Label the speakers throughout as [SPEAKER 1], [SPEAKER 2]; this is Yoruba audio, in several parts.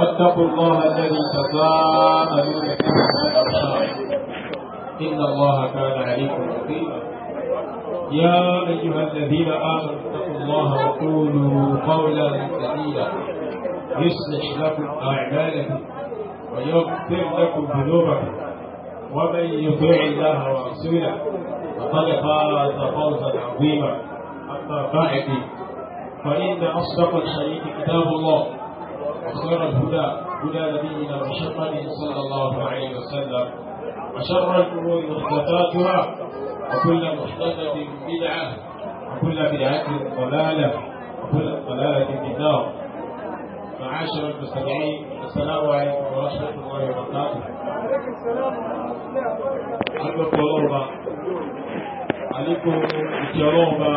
[SPEAKER 1] واتقوا الله الذي تساءلون
[SPEAKER 2] به ان الله كان عليكم رقيبا
[SPEAKER 1] يا ايها الذين امنوا اتقوا الله وقولوا قولا سديدا يصلح لكم اعمالكم ويغفر لكم ذنوبكم ومن يطيع الله ورسوله فقد فاز فوزا عظيما اما بعد فان اصدق الحديث كتاب الله وخير الهدى هدى نبينا محمد صلى الله عليه وسلم وشر الأمور محدثاتها وكل محدثة بدعة وكل بدعة ضلالة وكل ضلالة في النار معاشر المستمعين السلام عليكم ورحمة الله وبركاته وعليكم السلام ورحمة الله وبركاته
[SPEAKER 3] àlékún ìtì ọlọ́ọ̀ba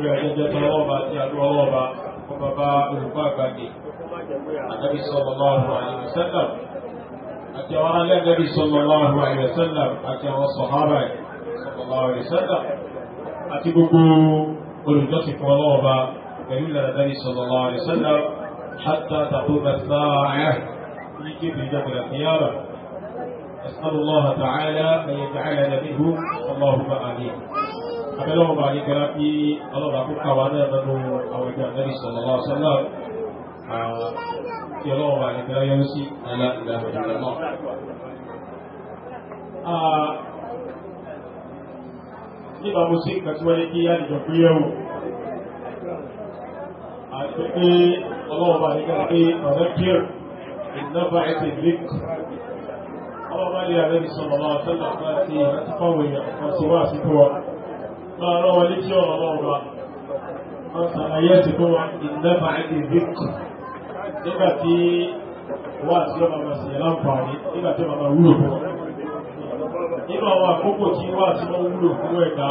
[SPEAKER 3] lórí àjẹjẹ tọlọ́ọ̀ba àti àdúrà ọlọ́ọ̀ba fún Ànábì sallallahu alaihi wasallam àti àwọn alẹ́gbẹ̀bí sallallahu alaihi wasallam àti àwọn sọ̀hábà sallallahu alaihi wasallam àti gbogbo olùjọ́sìn fún ọlọ́ọ̀bá pẹ̀lú ìlànàbí sallallahu alaihi wasallam hatta taquma as-sa'ah ní kí ìjọba ìyára أسأل الله تعالى أن يجعلنا tí ọlọ́wọ́ bá ní kẹ́lá yọ́nú sí ẹ̀lá ìlànà ìlànà náà. Nígbà mo sí nǹkan tí wọ́n ní kí àdìjọ pé yẹ̀wò. Àti pé ọlọ́wọ́ bá ní kẹ́lá pé ọ̀rẹ́ kír ìnáfà ẹ̀sẹ̀ ìgbék.
[SPEAKER 1] Ọlọ́wọ́ bá ní àrẹ́ ìsọ̀rọ̀ máa tẹ́lá
[SPEAKER 3] nígbà tí wà tí ọmọ ọmọ sí láǹfààní nígbà tí ọmọ wúlò
[SPEAKER 1] fún nínú àwọn àkókò tí wà
[SPEAKER 3] tí wọ́n wúlò fún ẹ̀dá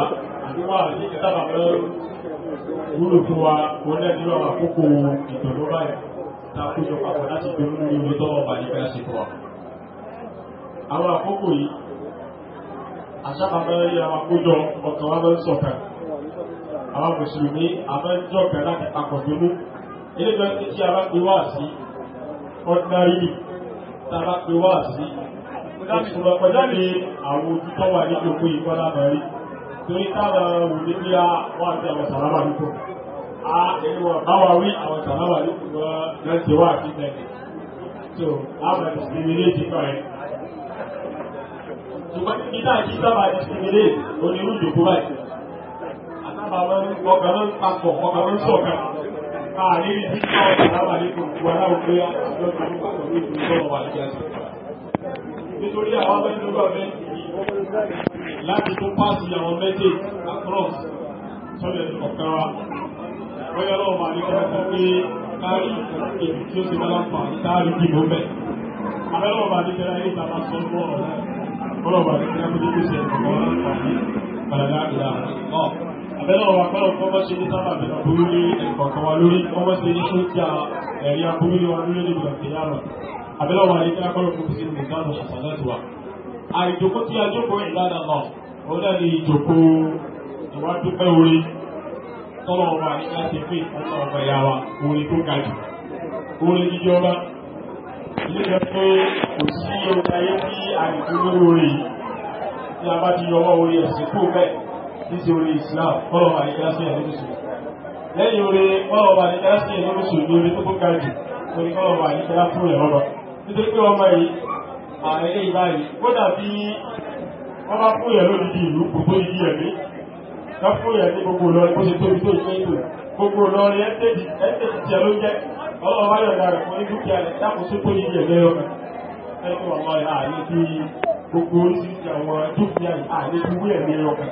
[SPEAKER 3] àti wà ní ìtàbà mọ́ wúlò fún wa ó lẹ́ nínú àwọn àkókò ìtọ̀lọ́ báyìí ta kójọ papọ̀ láti gbé mú ìwé tọ́wọ́ bà ní bẹ́ẹ̀ sí fún wa àwọn àkókò yìí àṣàkàmọ́ yẹ àwọn àkójọ ọkàn wa mọ́ sọ̀kan àwọn mùsùlùmí àmọ́ ń jọ́kẹ̀ láti ilé tó ti tí a bá pè wá sí ordinary tá a bá pè wá sí ìṣòro pẹ̀lú ní àwọn ojú tó wà ní ìjòkó ìkọ́ lábẹ́rí torí táwọn wò ní bí a wà sí àwọn sàrábà lóko a ẹni wọn bá wà wí àwọn sàrábà lóko wọn náà ti wá sí bẹ́ẹ̀ so a máa discriminate nípa ẹ̀ ṣùgbọ́n títà
[SPEAKER 1] ààrin ìdíjọ́ ìlàwà ní gbogbo aláwọ̀pẹ́ àjọ́jọ́ ìgbàgbọ́ ní ìgbàgbọ́ wà ní àjọ. Nítorí àwọn abẹ́nugbà
[SPEAKER 3] bẹ́ẹ̀ láti tó pàṣẹ àwọn méjì across sọ́dẹ̀ ọ̀kan wa. Bọ́yá lọ́wọ́ máa ní kọ́kọ́ pé káàrí èyí tí ó ti dára pa káàrí bí mo bẹ̀. Abẹ́lọ́wọ́ máa ní kẹ́rẹ́ ìta máa sọ fún ọ̀rọ̀ náà. Bọ́lọ̀ bá ní kẹ́rẹ́ mú ní kó ṣe ẹ̀kọ́ àbẹ́lọ́wọ́ akọ́lọ̀ kọ́kọ́ ṣe ní sábà bẹ̀rẹ̀ burú ní ẹ̀kọ̀ọ̀kan wa lórí ọmọ sí ní ṣókí ẹ̀rí aburú ní wa lórí ní ìgbà kìí àrọ̀ àbẹ́lọ́wọ́ àríkẹ́ akọ́lọ̀ kò sí ní ìgbàlù ṣàṣàlẹ́tì wa àìjòkó tí a jókòó ìlànà náà ó dà ní ìjòkó ìwádúpẹ́ orí tọ́lọ̀ ọba àríkẹ́ ti pé ọ̀nà ọba ìyá orí tó ga jù orí jíjọba ilé jẹ kò sí ọba ayé bí àìjòkó orí tí a bá ti yọwọ́ orí ẹ̀sìn kó bẹ́ẹ̀ títí orí Islam ọlọ́wà àríkásí ẹ̀ lóṣù lẹ́yìn orí ọlọ́wà àríkásí ẹ̀ lóṣù ní orí tó kókà jù orí ọlọ́wà àríkásí fún ẹ̀ ọlọ́ nítorí pé ọmọ yìí ààrẹ ìbáyìí ó dàbí wọ́n bá fún ẹ̀ lórí ìlú gbogbo ìdí ẹ̀mí wọ́n fún ẹ̀ ní gbogbo lọ́rí bó ṣe tóbi tó ìpín ìlú gbogbo lọ́rí ẹ́tẹ́jì tí ẹ ló jẹ́ ọlọ́wà yọ̀dà rẹ̀ fún dúkìá rẹ̀ dákòóso tó ìdí ẹ̀mí ọkàn ẹ̀kọ́ ọmọ yìí ààrẹ ti gbogbo oríṣiríṣi àwọn dúkìá yìí ààrẹ ti wú ẹ̀mí ọkàn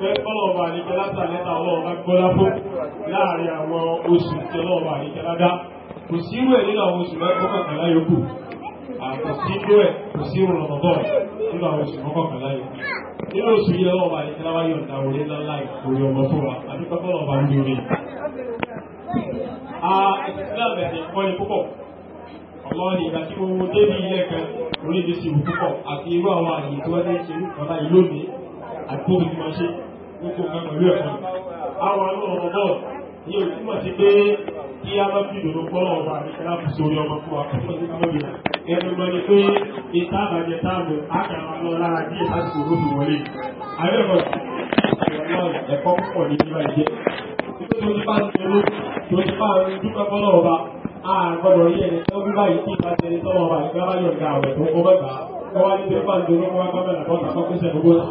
[SPEAKER 3] pé ọlọ́ọ̀bà àríkẹ́ látà lẹ́ta ọlọ́ọ̀bá gbọ́lá fún láàrin àwọn oṣù tí ọlọ́ọ̀bà àríkẹ́ ládá kò sí irú ẹ̀ nínú àwọn oṣù mọ́kànlá yòókù àkọ́ sí irú ẹ̀ kò sí irú ọ̀nàbọ̀ nínú àwọn oṣù mọ́kànlá yòókù nínú oṣù yìí ọlọ́ọ̀bà àríkẹ́ láwá yọ̀ǹda orí ńlá láì orí ọmọ fún wa àdúgbò ọlọ́ọ̀bà ń lórí.
[SPEAKER 1] a ìsìláàmù ẹ̀sìn
[SPEAKER 3] kọ́ni púpọ̀ ọlọ́ọ̀ni ìgbà tí mo wo débi ilé kan orí mi sì wù púpọ̀ àti irú àwọn àyè tí wọ́n ti ń ṣe nípa báyìí lónìí àgbóhùn máa ṣe gbogbo nǹkan pẹ̀lú ẹ̀kọ́ àwọn alóòrùn náà ní òtúmọ̀ sí pé kí a bá fi ìdòdó gbọ́ ọ̀rọ̀ àríkàlá fi sórí ọmọ fún akọ́kọ́ sí kámọ́bìnà ẹnu mọ́ ni pé ìta àbàjẹ táàmù ákàrà lọ lára díẹ̀ láti sòrò fi wọlé àrẹ́kọ̀ọ́ ẹ̀kọ́ púpọ̀ ní ìgbà ìjẹ́ tó ti bá ti ṣerú tó ti bá ń dúpẹ́ fọ́lọ́ ọba àgbọ̀dọ̀ yí ẹni tó bí báyìí tí ìbá ṣe ní tọ́wọ́ ọba ìgbà bá yọ̀ǹda àwẹ̀ tó kọ́ bẹ́ẹ̀ bá wọ́n wá ní pé bá ń dorí wọ́n wá bá bẹ̀rẹ̀ bọ́ta kọ́kọ́ sẹ́nu gbọ́dọ̀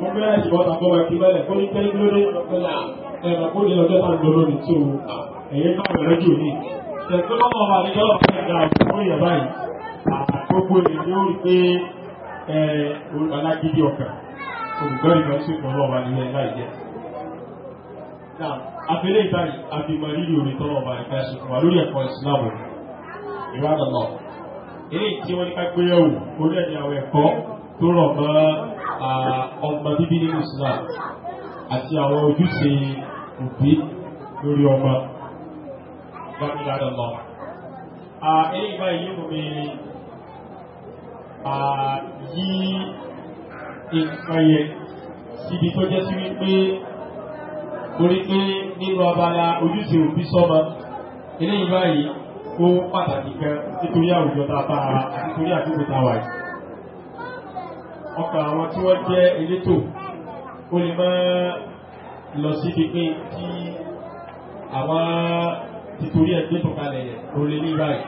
[SPEAKER 3] wọ́n bẹ̀rẹ̀ ṣùgbọ́n àbọ̀wà kí bẹ́ẹ̀ kó ní pẹ́lú lórí ẹ̀rọ kó ní ọjọ́ náà lọ́rọ́ ní tó ẹ̀yẹ náà rẹ̀ jù ní. ṣẹ̀tọ́ lọ́wọ́ ọba ní yọ́rọ̀ fún ẹ̀dá fún ìyà báyìí àgbogbo èdè ni ó rí pé alágídí ọkà olùgbọ́ ìgbà sí ìpọ̀ lọ́wọ́ ní ẹ̀dá ìjẹ́. Abẹ́lé ìbáyìí, abìmọ̀ lílo orin tọ́lọ̀ ọba ìgbà sí ìpọ̀ lórí ẹ̀kọ́ ìsìláàmù ìwádọ̀ náà. Eléyìí tí wọ́n ní ká gbé yẹ̀wò, orí ẹ̀dẹ̀ àwọn ẹ̀kọ́ tó rọ̀ mọ́ ọmọ bíbí nínú Islam àti àwọn ojúṣe òbí lórí ọmọ gbámiládọ́lọ́ eléyìí báyìí mú mi yí nǹkan yẹ síbi tó jẹ́ sí wípé torí pé nínú abala ojúṣe òbí sọ́mọ eléyìí báyìí ó pàtàkì kan nítorí àwùjọ tá a bá ara nítorí àdúgbò tá a wà yìí ọkọ̀ àwọn tí wọ́n jẹ́ elétò ó lè máa lọ sí ibi pé kí àwọn títorí ẹgbẹ́ tó o ó lè ní báyìí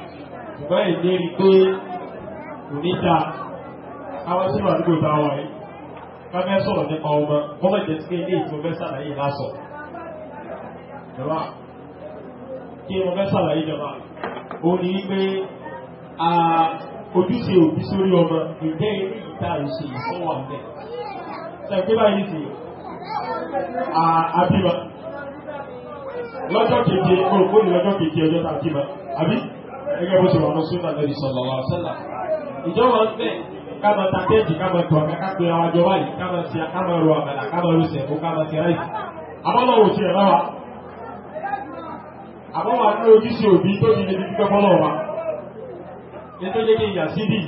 [SPEAKER 3] ṣùgbọ́n èdè rí pé kò ní ta káwọn sínú àdúgbò bá wà yìí ká fẹ́ sọ̀rọ̀ nípa ọmọ ọmọ ìjẹ́ sí ilé ìtò fẹ́ sàlàyé lásọ̀ jọba kí wọ́n fẹ́ sàlàyé jọba ó ní wípé ojúṣe òbí sórí ọmọ ìjẹ́ ilé táà ń ṣe ìsọ́wà bẹ̀. Ṣẹ̀gbẹ́ báyìí ti
[SPEAKER 1] àbímọ. Lọ́jọ́ keje, olùkó ni
[SPEAKER 3] lọ́jọ́ keje ọjọ́ tá a bímọ. Àbí? Ẹgbẹ́ bó ṣe wà lọ́sùn náà lórí sọ̀lọ̀ wà sọ́là. Ìjọba ń bẹ̀ ká máa ta tẹ́ẹ̀tì ká máa tọ̀ ká pe àwọn àjọ báyìí ká máa ṣe ká máa ro àmàlà ká máa ro sẹ̀kó ká máa ṣe ráìsì. Àbọ̀lọ̀ wò ti ẹ̀rọ wa. Àbọ̀wà ní ojúṣe òbí tó ti lè fi kíkọ́ fọ́lọ̀ wa. Ètò yẹ kí n yà síbí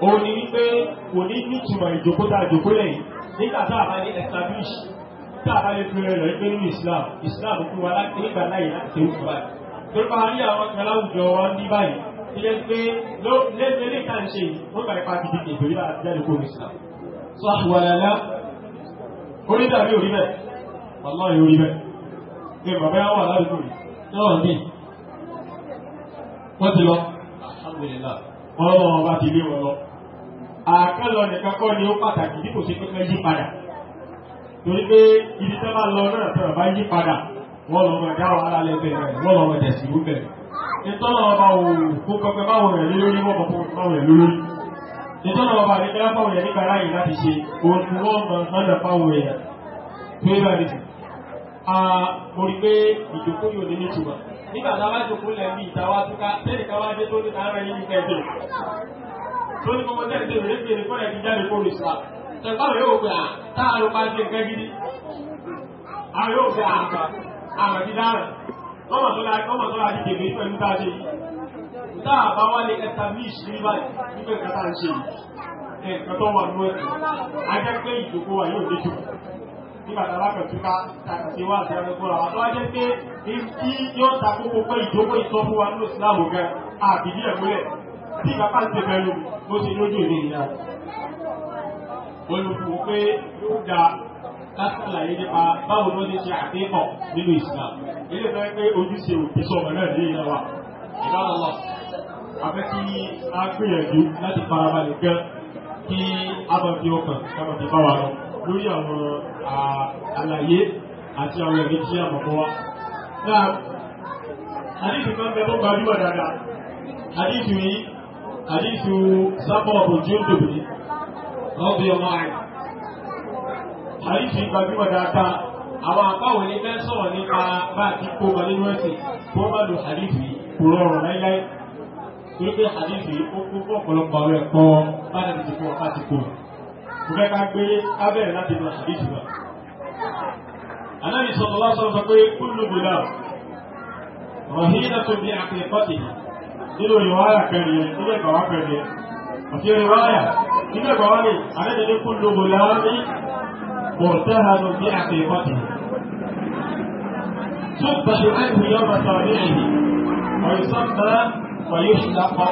[SPEAKER 3] òun ni wípé kò ní nítumọ̀ ìjókòó tá a jókòó lẹ́yìn nígbà tá a bá ní establish tá a bá lè fi rẹ̀ lọ ẹgbẹ́ nínú Islam Islam fún wa láti nígbà láyé láti ṣe òkú báyìí tó bá rí àwọn kan láwùjọ wa ní báyìí ilé pé lẹ́gbẹ̀ẹ́ lè kàn ṣe wọ́n bá ipa gidi ètò ìlà àtijọ́ kó Islam sọ àwàlálá orí dàbí orí bẹ́ẹ̀ wàlọ́ orí bẹ́ẹ̀ pé bàbá wà ládùúgbò yìí náà ní wọ́n ti lọ alhamdulillah wọ́n lọ́wọ́ bá ti lé wọn lọ àkànlọ nìkan kọ́ ni ó pàtàkì bí kò ṣe pẹ́pẹ́ yí padà torí pé ibi tó bá lọ náà tó bá yí padà wọ́n lọ mọ̀ dá wàhálà lẹ́gbẹ̀ẹ́ rẹ̀ wọ́n lọ mọ̀ tẹ̀sí rúbẹ̀ ìtọ́nà ọba òòrùn kó kọpẹ́ báwọn rẹ̀ lórí wọ́n mọ̀ báwọn rẹ̀ lórí ìtọ́nà ọba rẹ̀ kẹ́lá báwọn rẹ̀ nígbà láyé láti ṣe òun wọ́n mọ̀ hánà báwọn rẹ̀ tó bá rí sí. a mo rí pé ìdòkó yóò ní nítumọ̀ nígbà tá a bá jókòó lẹ́bí ìtawá túká tẹ́lẹ̀ ká wá dé tó ní tó ní gbogbo tẹ́lẹ̀ tẹ́lẹ̀ rẹ̀ bèrè kọ́lẹ̀ ti jáde kó lè sá tẹ̀gbá rẹ̀ yóò gbé à táà ló bá ṣe nǹkan gidi
[SPEAKER 1] àwọn yóò fẹ́ àgbà àgbà ti dára
[SPEAKER 3] lọ́mọ tó láti lọ́mọ tó láti dèbè pẹ̀lú dáadé
[SPEAKER 1] yìí tá a
[SPEAKER 3] bá wálé ẹta míìsì ní báyìí nígbà kàtà ń ṣe ẹ̀ kẹtọ́ wà nú ẹ̀ ajẹ́ pé ìjókòó wa yóò déjò nígbà tá a bá kẹtù ká kàkàtì wá àti ẹgbẹ́ wa tó ajẹ́ pé kí yóò ta kókó ìjókòó ìtọ́ wa nínú ìsìlámù gan àbí ní tí bàbá ti bẹ̀rù bó ti lójú ní ìyá olùkù pé yóò da lásìkàlàyé nípa báwo ló ti ṣe àdéhùn nínú Islam ilé ìfẹ́ pé ojúṣe òkè sọ̀rọ̀ náà ní ìyá wa
[SPEAKER 1] ìbáraláà afẹ́ kí a
[SPEAKER 3] gbìyànjú láti farabalẹ̀ gan kí a bá fi ọkàn kábà fi bá wa lọ lórí àwọn àlàyé àti àwọn ẹ̀rí tí a mọ̀ mọ́ wa. Náà, máa ń bẹ fún gbajúmọ̀
[SPEAKER 1] dáadáa. Àdìsí yìí àdìsù sábọ̀ òjú òdòdó lọ́bí ọmọ rẹ̀. àdìsù gbajúmọ̀ dáadáa
[SPEAKER 3] àwọn àbáwò ní fẹ́ sọ̀rọ̀ nípa bá a ti kó ma nínú ẹ̀sìn kó má lo àdìsù kò rọrùn láíláí. torí pé àdìsù ó kó fún ọ̀pọ̀lọpọ̀ àwọn ẹ̀kọ́ bá a ti kó ọ̀pá ti kó. mo fẹ́ ká gbé abẹ́rẹ́ láti lo àdìsù wa. anábì sọ̀rọ̀ lọ́sọ̀rọ̀ sọ pé kúlù bùdà rọ̀hínà tó bí nínú ìwáyà kẹrin yẹn nílẹ̀ ìgbàwá kẹrin yẹn àti ìwáyà nílẹ̀ ìgbàwá ni àlẹ́dẹ̀dẹ̀ kú lóbo láàárín
[SPEAKER 1] mọ̀tẹ́hanu bí àkèékọ́tì tó gbàdé láìpù yọ bàtà ní ẹ̀yìn ọ̀yọ̀sán náà wàyé ṣùgbà pa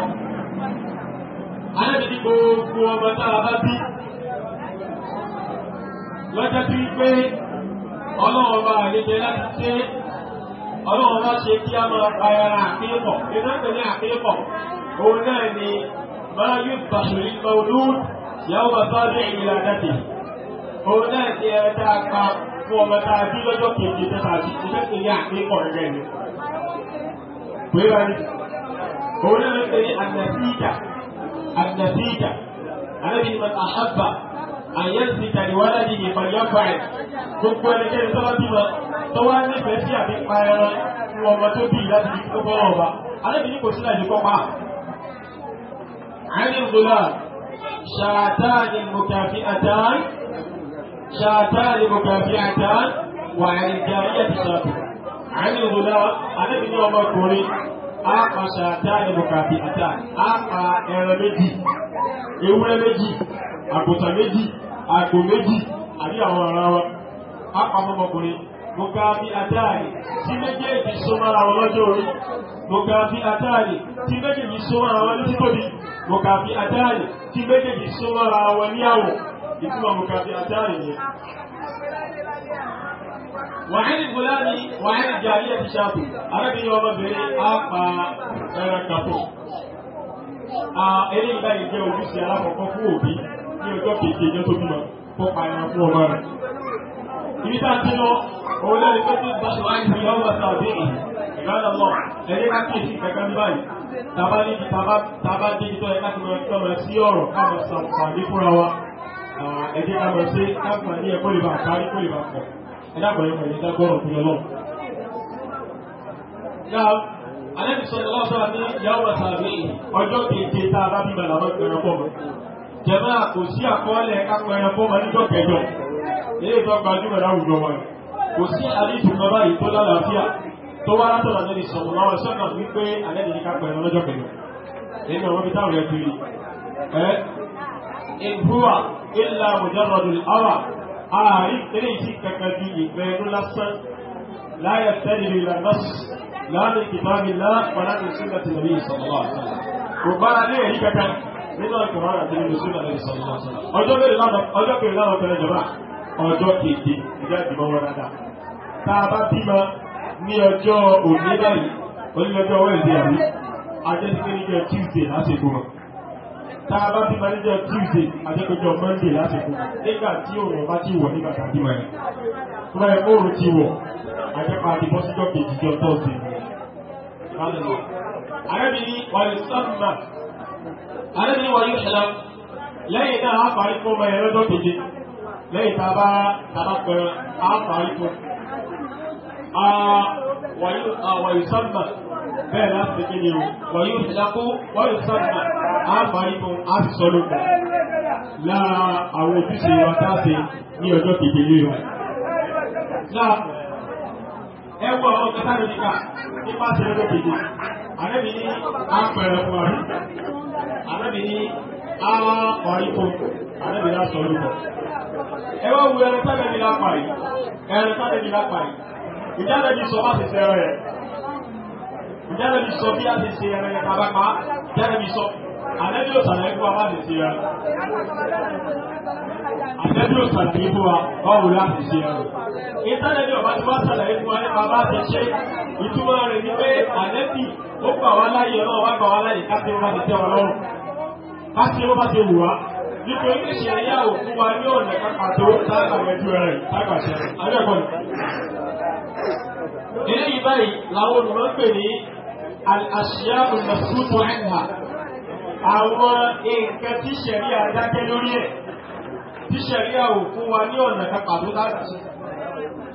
[SPEAKER 1] alẹ́dẹ̀dẹ̀
[SPEAKER 3] gbogbo ọmọ tá a bá bí lọ́jọ́ tí wípé ọlọ́wọ́ bá àlejò láti ṣe ọlọ́run bá ṣe kí a máa pa ẹran àkéèpọ̀ iná pè ní àkéèpọ̀ òun náà ni máa yóò bàṣọ ìgbà olóòrùn yàwó bàbá rẹ̀ ìlà dàdé òun náà ni ẹran tá a pa fún ọmọ tá a bí lọ́jọ́ kejì tẹ́ta àti iná pè ní àkéèpọ̀ rẹ̀ ni. pèrè ni òun náà pè ní ànàsíjà ànàsíjà
[SPEAKER 1] alábìyí mọ̀ àhábà àyẹ̀sì tàníwájú ìfàyàfà ẹ̀ gbogbo ẹnikẹ́ni tọ́lá bímọ tó wá nífẹ̀ẹ́ sí àbí pa ẹran fún ọmọ tó bí láti fi kó bọ́ọ̀ ọba
[SPEAKER 3] alẹ́bí ní kò sí láì kọ́ pa. àìní ìgbòlá ṣàtà ni mùkàfí àtàn ṣàtà ni mùkàfí àtàn wà ẹ̀ẹ́dẹ̀rí ẹ̀dí ṣàtò. àìní alẹ́bí ní ọmọkùnrin á pa ṣàtà ni mùkàfí àtàn á pa ẹran méjì ewúrẹ́ méjì àgùntàn méjì àgbò méjì àbí àwọn ọ̀ràn wọn á gbogbo àbí àtàrí tí méjèèjì so mara wọn lọ́jọ́ orí gbogbo àbí àtàrí tí méjèèjì so mara wọn ní tóbi gbogbo àbí àtàrí tí méjèèjì so mara wọn ní àwọ̀ ìtumọ̀ gbogbo àbí àtàrí yẹn.
[SPEAKER 1] wàhálì gbọ́láni wàhálì jàrí ẹ̀ ti ṣàpù arábìnrin ọmọbìnrin á pa ẹran kàtó. eléyìí báyìí jẹ́
[SPEAKER 3] ojúṣe alákọ̀ọ́kọ́ fún òbí ní ọjọ́ kejì ẹjọ́ tó bímọ kó pa ẹran fún ọmọ rẹ̀ ibi tá a ti lọ òun lẹ́nu pé tí ìgbà tó ń yọ ọgbà sàbí ìgbàlá lọ ẹ̀yẹ ká kí èsì kankan báyìí tàbá ní tàbá dé ìtọ́ ẹ̀ká tó máa tọ́ máa sí ọ̀rọ̀ káàmọ̀ sàǹfààní fúnra wa ẹ̀jẹ̀ ká máa ṣe káàmọ̀ní ẹ̀kọ́ lè bá kárí kó lè bá pọ̀ ẹ̀dá pẹ̀lú pẹ̀lú ẹ̀dá gbọ́rọ̀ tó yọ lọ. Alẹ́ sọ ìlọ́ sọ́ra ní ìyàwó sàbí ọjọ́ keje tá a bá bímọ làwọn ẹran fọ́mọ. Jẹ̀mọ́ kò sí àkọọ́lẹ̀ kápẹ́ ẹran fọ́mọ níjọ́ kẹjọ ilé tó gbajúmọ̀ láwùjọ wa kò sí àdìsù bàbá yìí tó lálàáfíà tó wá látọ̀dọ̀ nẹ́ni sọ̀rọ̀ lọ́wọ́ sọ́nà wípé alẹ́ni ní kápẹ́ ẹ̀rọ lọ́jọ́ pẹ̀lú nínú àwọn bíi táwọn ẹ̀kú yìí ẹ́
[SPEAKER 1] ìbúwà ìlà mùjọ́rọ̀dù àwà ààrí
[SPEAKER 3] ilé ìsì kankan bíi ìgbẹ́ ẹnu lásán láyẹ̀ tẹ́lẹ̀ ìlànà láàrin kìtàbí náà pàdánù sílẹ̀ tìlẹ̀ yìí sọ̀rọ̀ kò bára lé èyí kankan nínú ìkùnrin àti nínú sílẹ̀ tìlẹ̀ sọ̀rọ̀ ọjọ́ pẹ̀lú ìjọba ọjọ́ keje ìjà ìdìbò wọn dáadáa tá a bá bímọ ní ọjọ́ òní báyìí onílọ́jọ́ wẹ́ẹ̀dì àbí ajẹ́síkẹ́ níjọ́ tuesday lásìkò wọn tá a bá bímọ níjọ́ tuesday ajẹ́kọjọ́ monday lásìkò wọn nígbà tí òòrùn bá ti wọ̀ nígbà tá a bímọ yẹn tó bá yẹ kó òòrùn ti wọ̀ ajẹ́pà àdìbọ́ síjọ́ kejì jọ tọ́sí arábìnrin wàlẹ̀ sọ́ọ̀mà arábìnrin wàlẹ̀ ìṣẹ̀lá lẹ́yìn náà á parí fún ọmọ ẹ̀rọ lẹ́yìn tá a bá tàbá a àáfàárí
[SPEAKER 1] a wàyí sọ́nà bẹ́ẹ̀ láti kí ni wàyí ìṣẹ́lákó wàyí sọ́nà àáfàárí tó a sì sọ lókun
[SPEAKER 3] lára àwọn ojúṣe wa káàsì
[SPEAKER 1] ní ọjọ́ kejì ní ìwọ̀n.
[SPEAKER 3] ẹ wọ àwọn kẹta rẹ̀ níkà nípa ṣe ọjọ́ kejì àrẹ́bí ní àpẹẹrẹ fún àrí àrẹ́bí ní àáfàárí tó àrẹ́bí ní àsọ
[SPEAKER 1] lókun ẹ wá wu ẹrẹ sábẹ́ mi lápá yìí ẹrẹ sábẹ́ mi lápá yìí ìjáde mi sọ bá ti ṣe ẹrẹ ìjáde mi sọ bí a ti ṣe ẹrẹ tabapa ìjáde mi sọ àlẹ́bí ò sàlẹ̀ ikú wa bá ti ṣe ẹrẹ àlẹ́bí ò sàlẹ̀ ikú wa báwo la ti ṣe ẹrẹ ìjáde mi ọba ti wá sàlẹ̀ ikú wa nípa bá ti ṣe ìtumọ̀ rẹ̀ ni pé àlẹ́bí ó gbà wá láyé ọlọ́wọ́ wá gbà wá láyé ká ti wá ti tẹ́ ọ ká ti
[SPEAKER 3] wá ti wù wá nítorí pé ṣe ẹ̀yà ò fún wa ní ọ̀nà pàtó tágbàyẹjú ẹ̀rẹ̀ tágbàṣẹ adẹ́kọ̀ọ́nì. Ilé yìí báyìí làwọn olùmọ̀ ń pè ní àṣìyá olùmọ̀sútọ̀ ẹ̀hà. Àwọn nǹkan tí ṣẹ̀rí àdákẹ́ lórí ẹ̀ tí ṣẹ̀rí à ò fún wa ní ọ̀nà pàtó tágbàṣẹ.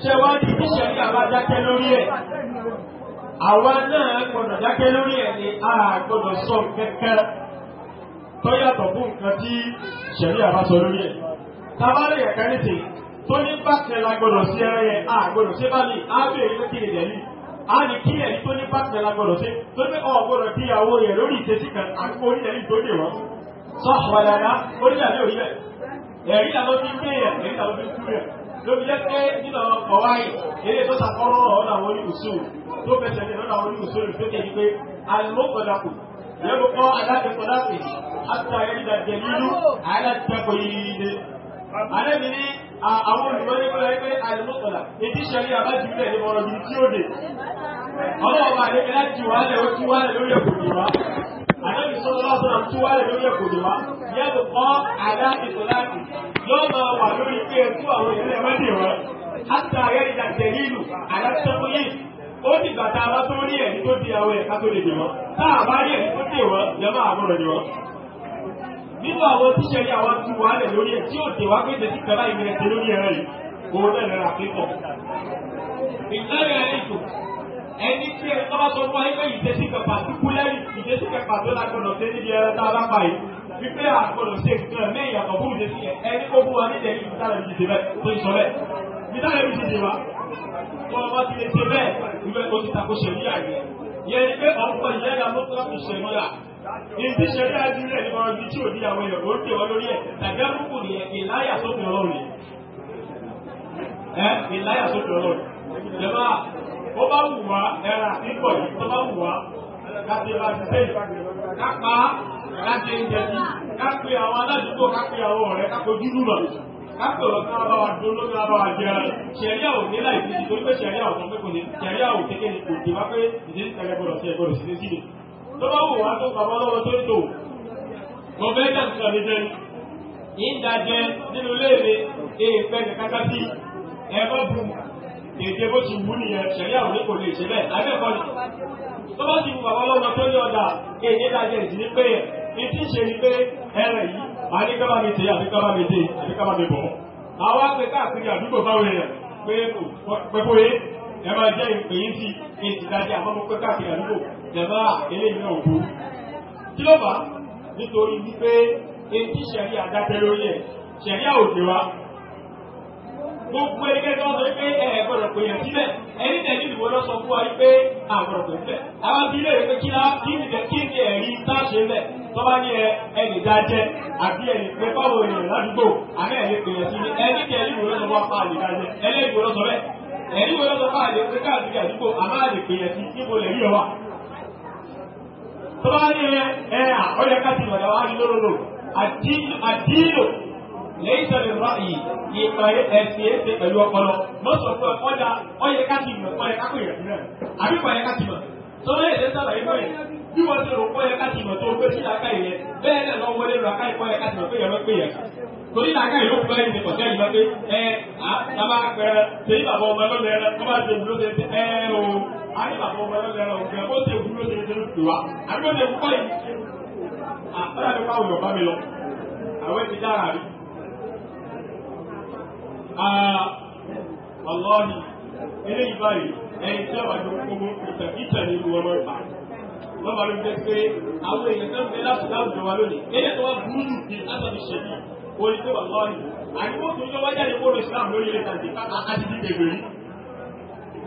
[SPEAKER 1] Ṣé wá ní tí ṣẹ̀rí àbájákẹ́ lórí ẹ̀?
[SPEAKER 3] Àwa náà gbọ́dọ̀ dákẹ́ lórí ẹ̀ ni a gbọ́dọ̀ sọ kẹ́kẹ́ tó yàtọ̀ fún nǹkan tí ṣẹ̀rí àbá sọ lórí ẹ̀ tabalẹ̀ yẹn kan nìsín tó ní bákẹ́ la sí ẹran yẹn a gbọdọ̀ sí báyìí á bèèrè pé kí ni dẹ̀lí a ní kí ẹ̀rí tó ní bákẹ́ la gbọdọ̀ sí tó ní ọ̀ gbọdọ̀ kí ìyàwó yẹn lórí ìṣesí kan àgbo onídẹ̀lí tó dè wọ́n sọ ọ̀dàdà onídàbí òyìn bẹ́ẹ̀ ẹ̀rí làwọn fi ń gbé yẹn ẹ̀rí làwọn fi ń kú yẹn lórí lẹ́gbẹ́ nínú ọ̀wáyé eré tó sàkọ́rọ̀ ọ̀nà àwọn oníwùsù tó fẹsẹ̀ nínú àwọn oníwùsù rẹ̀ fẹ́ kẹ́ ni pé àlùmọ́kọ̀dàkù yẹ́nu kọ́ adájọ́ kọ́dàkù yìí hátà ìdá jẹ̀lú alátẹ́kọ̀ọ́yìí alẹ́bìnrin àwọn olùgbọ́n nípa ẹgbẹ́ alìmọ́tọ̀lá ètí ṣẹlẹ̀ àbájúlẹ̀ ní ọ̀rọ̀ yìí tí ó dé
[SPEAKER 1] ọlọ́ọ̀bà àdébí láti wàhálẹ̀ ó ti wàhálẹ̀ lórí
[SPEAKER 3] ẹ̀kọ́ ìjọba àdébí sọ́dọ̀ lọ́sọ̀rọ̀ ti wàhálẹ̀ lórí ẹ̀kọ́ ìjọba yẹ́bù kọ́ àdá
[SPEAKER 1] ètò láti yóò máa wà lórí pé ẹ̀kú àwọn ìlú ẹ̀mẹ́dì wọn
[SPEAKER 3] hátà ayẹ́dìdà tẹ̀lílù alátẹ́kọ̀ọ́yìí ó ti gbàtà abá tó rí tó di àwọn ẹ̀ká tó lè dè wọn táà bá rí ẹ̀rí tó dè wọn yẹ máa àbúrò ni wọn nínú àwọn tíṣẹ́ ní àwọn tí wàá lẹ̀ lórí ẹ̀ tí ó tẹ̀wá pé tẹ̀sí kẹlá ìrìnlẹ̀ tẹ lórí ẹ̀rọ yìí òun náà lẹ́ra pípọ̀. ìtẹ́rẹ̀ ẹ̀ ètò ẹni tí ẹ tọ́ bá sọ fún ayé pé ìtẹ́sí kẹfà tí kú lẹ́rì ìtẹ́sí kẹfà tó la gbọ́dọ̀ ṣe níbi ẹ̀rọ tá a bá pa yìí wípé àgbọ̀dọ̀ ṣe nǹkan ní ìyàtọ̀ fún ìdẹ́sí yẹn ẹni kó fún wa Ìdí ìṣẹ̀lẹ̀ àdúrẹ̀ ní ọ̀rọ̀ ibi tí ò ní àwọn èèyàn ló ń pè wọ́n lórí ẹ̀. Tàbí àkókò ní ẹ̀ ìláyà sófin ọlọ́run ni. Ẹ ìláyà sófin ọlọ́run. Jẹ̀má, ó bá wù wá ẹ̀rà nígbọ̀ yìí, ó bá wù wá káṣe bá ti sẹ́yìn. Ká pa á, káṣe ń jẹbi, ká pe àwọn aládùúgbò, ká pe àwọn ọ̀rẹ́, ká pe ojúlùmọ̀. Ká pe ọ̀rọ̀ ká bá wa dún ló ká bá wa jẹ ara. Ṣẹ̀ríà ò ní láì fi ìtorí pé ṣẹ̀ríà ò sọ pé kò ní. Ṣẹ̀ríà ò kékeré kò dé wá pé ìdílé ìtàgé gbọdọ̀ sí ẹgbọdọ̀ sí tó bá wù wá tó bàbá lọ́wọ́ tó tò mọ̀ bẹ́ẹ̀ dà nǹkan mi jẹ́ yìí ń dajẹ́ nínú léèrè èèpẹ́ kàkàkà sí ẹ̀rọ bùn èdè bó ti wú nìyẹn ṣẹ̀rí àwọn oníkò lè ṣe bẹ́ẹ̀ abẹ́kọ̀ọ́ ni tó bá ti wù bàbá lọ́wọ́ tó ní ọ̀dà èdè dajẹ́ ìdí ní pé ní tí ń ṣe ni pé ẹ̀rẹ̀ yìí àdékábà mi tè àdékábà mi tè àdékábà mi bọ̀ àwa pé káàkiri àdúgbò fáwọn èèyàn pé kò jẹ̀bá eléyìí náà kú kí ló bá nítorí wípé etí ṣẹ̀rí àdákẹ́ lórí ẹ̀ ṣẹ̀rí àwòṣe wa gbogbo ẹgbẹ́ tó ń sọ pé ẹ gbọ́dọ̀ pè yàn síbẹ̀ ẹni tẹ̀lé ìwọ lọ sọ fún wa pé a gbọ́dọ̀ pè síbẹ̀ àwọn bí ilé rẹ̀ pé kí ni kí ni kí ni ẹ̀rí tá a ṣe bẹ̀ tó bá ní ẹ ẹnì dá jẹ àbí ẹnì pé báwo ènìyàn ládùúgbò àmì ẹ̀rí pè yàn síbi ẹni tẹ̀lé ìwọ lọ sọ fún wa pa àlè dá jẹ ẹlẹ́yìn ìwọ lọ sọ bẹ́ẹ̀ ẹ̀rí ìwọ lọ sọ fún àlè pé káàkiri àdúgbò àmà àlè pè tó bá ní ẹ ọyẹ káàtì ìwọ̀dà wa no ye A ní lóróró àdínlò lẹ́yìn sọ̀rọ̀ ìrọ̀ yìí ní ìpàdé ẹ̀sìn ẹ̀sìn pẹ̀lú ọpọlọ lọ́sọ̀ fún ọ̀dà ọyẹ káàtì ìmọ̀ ọyẹ káàkó ìrẹ̀sìn náà àbí to káàtì ìmọ̀ tó lè ṣe sábà yìí báyìí bí wọ́n ti rò ọyẹ káàtì ìmọ̀ tó gbé kati àkáyẹ bẹ́ẹ̀ náà lọ́wọ́lé rà káyẹ torí làákà yìí ó fẹ́ ẹni kọ̀ọ̀tẹ́ yìí máa pé ẹ àbá pẹ̀rẹ̀ tèyí bàbá ọmọ ẹlọ́dẹ rẹ tó bá ṣe ìdúró tètè ẹ o àyè bàbá ọmọ ẹlọ́dẹ rẹ òkè ó ṣe ìdúró tètè ló pè wá àbí ó ṣe kúkọ́
[SPEAKER 1] yìí. àbúrò àti báwo yọ̀ bá mi lọ
[SPEAKER 3] àwẹ̀ ti dára rí. ọlọ́ọ̀ni eléyìí báyìí ẹni tí ọba tó gbogbo ìtẹ̀kíṣẹ̀ ní ìlú ọmọ ìbá
[SPEAKER 1] lọ́ba ló jẹ́ pé àwọn èèyàn tó ń bẹ láti láwùjọ wa
[SPEAKER 3] lónìí eléyìí tó
[SPEAKER 1] wá burú jù ní
[SPEAKER 3] orí tó wà lọ́ọ̀nì àyíkó tó yọ wájà lè kóró Islam lórí ilé tàbí
[SPEAKER 1] àkàtìdí ìdègbè yìí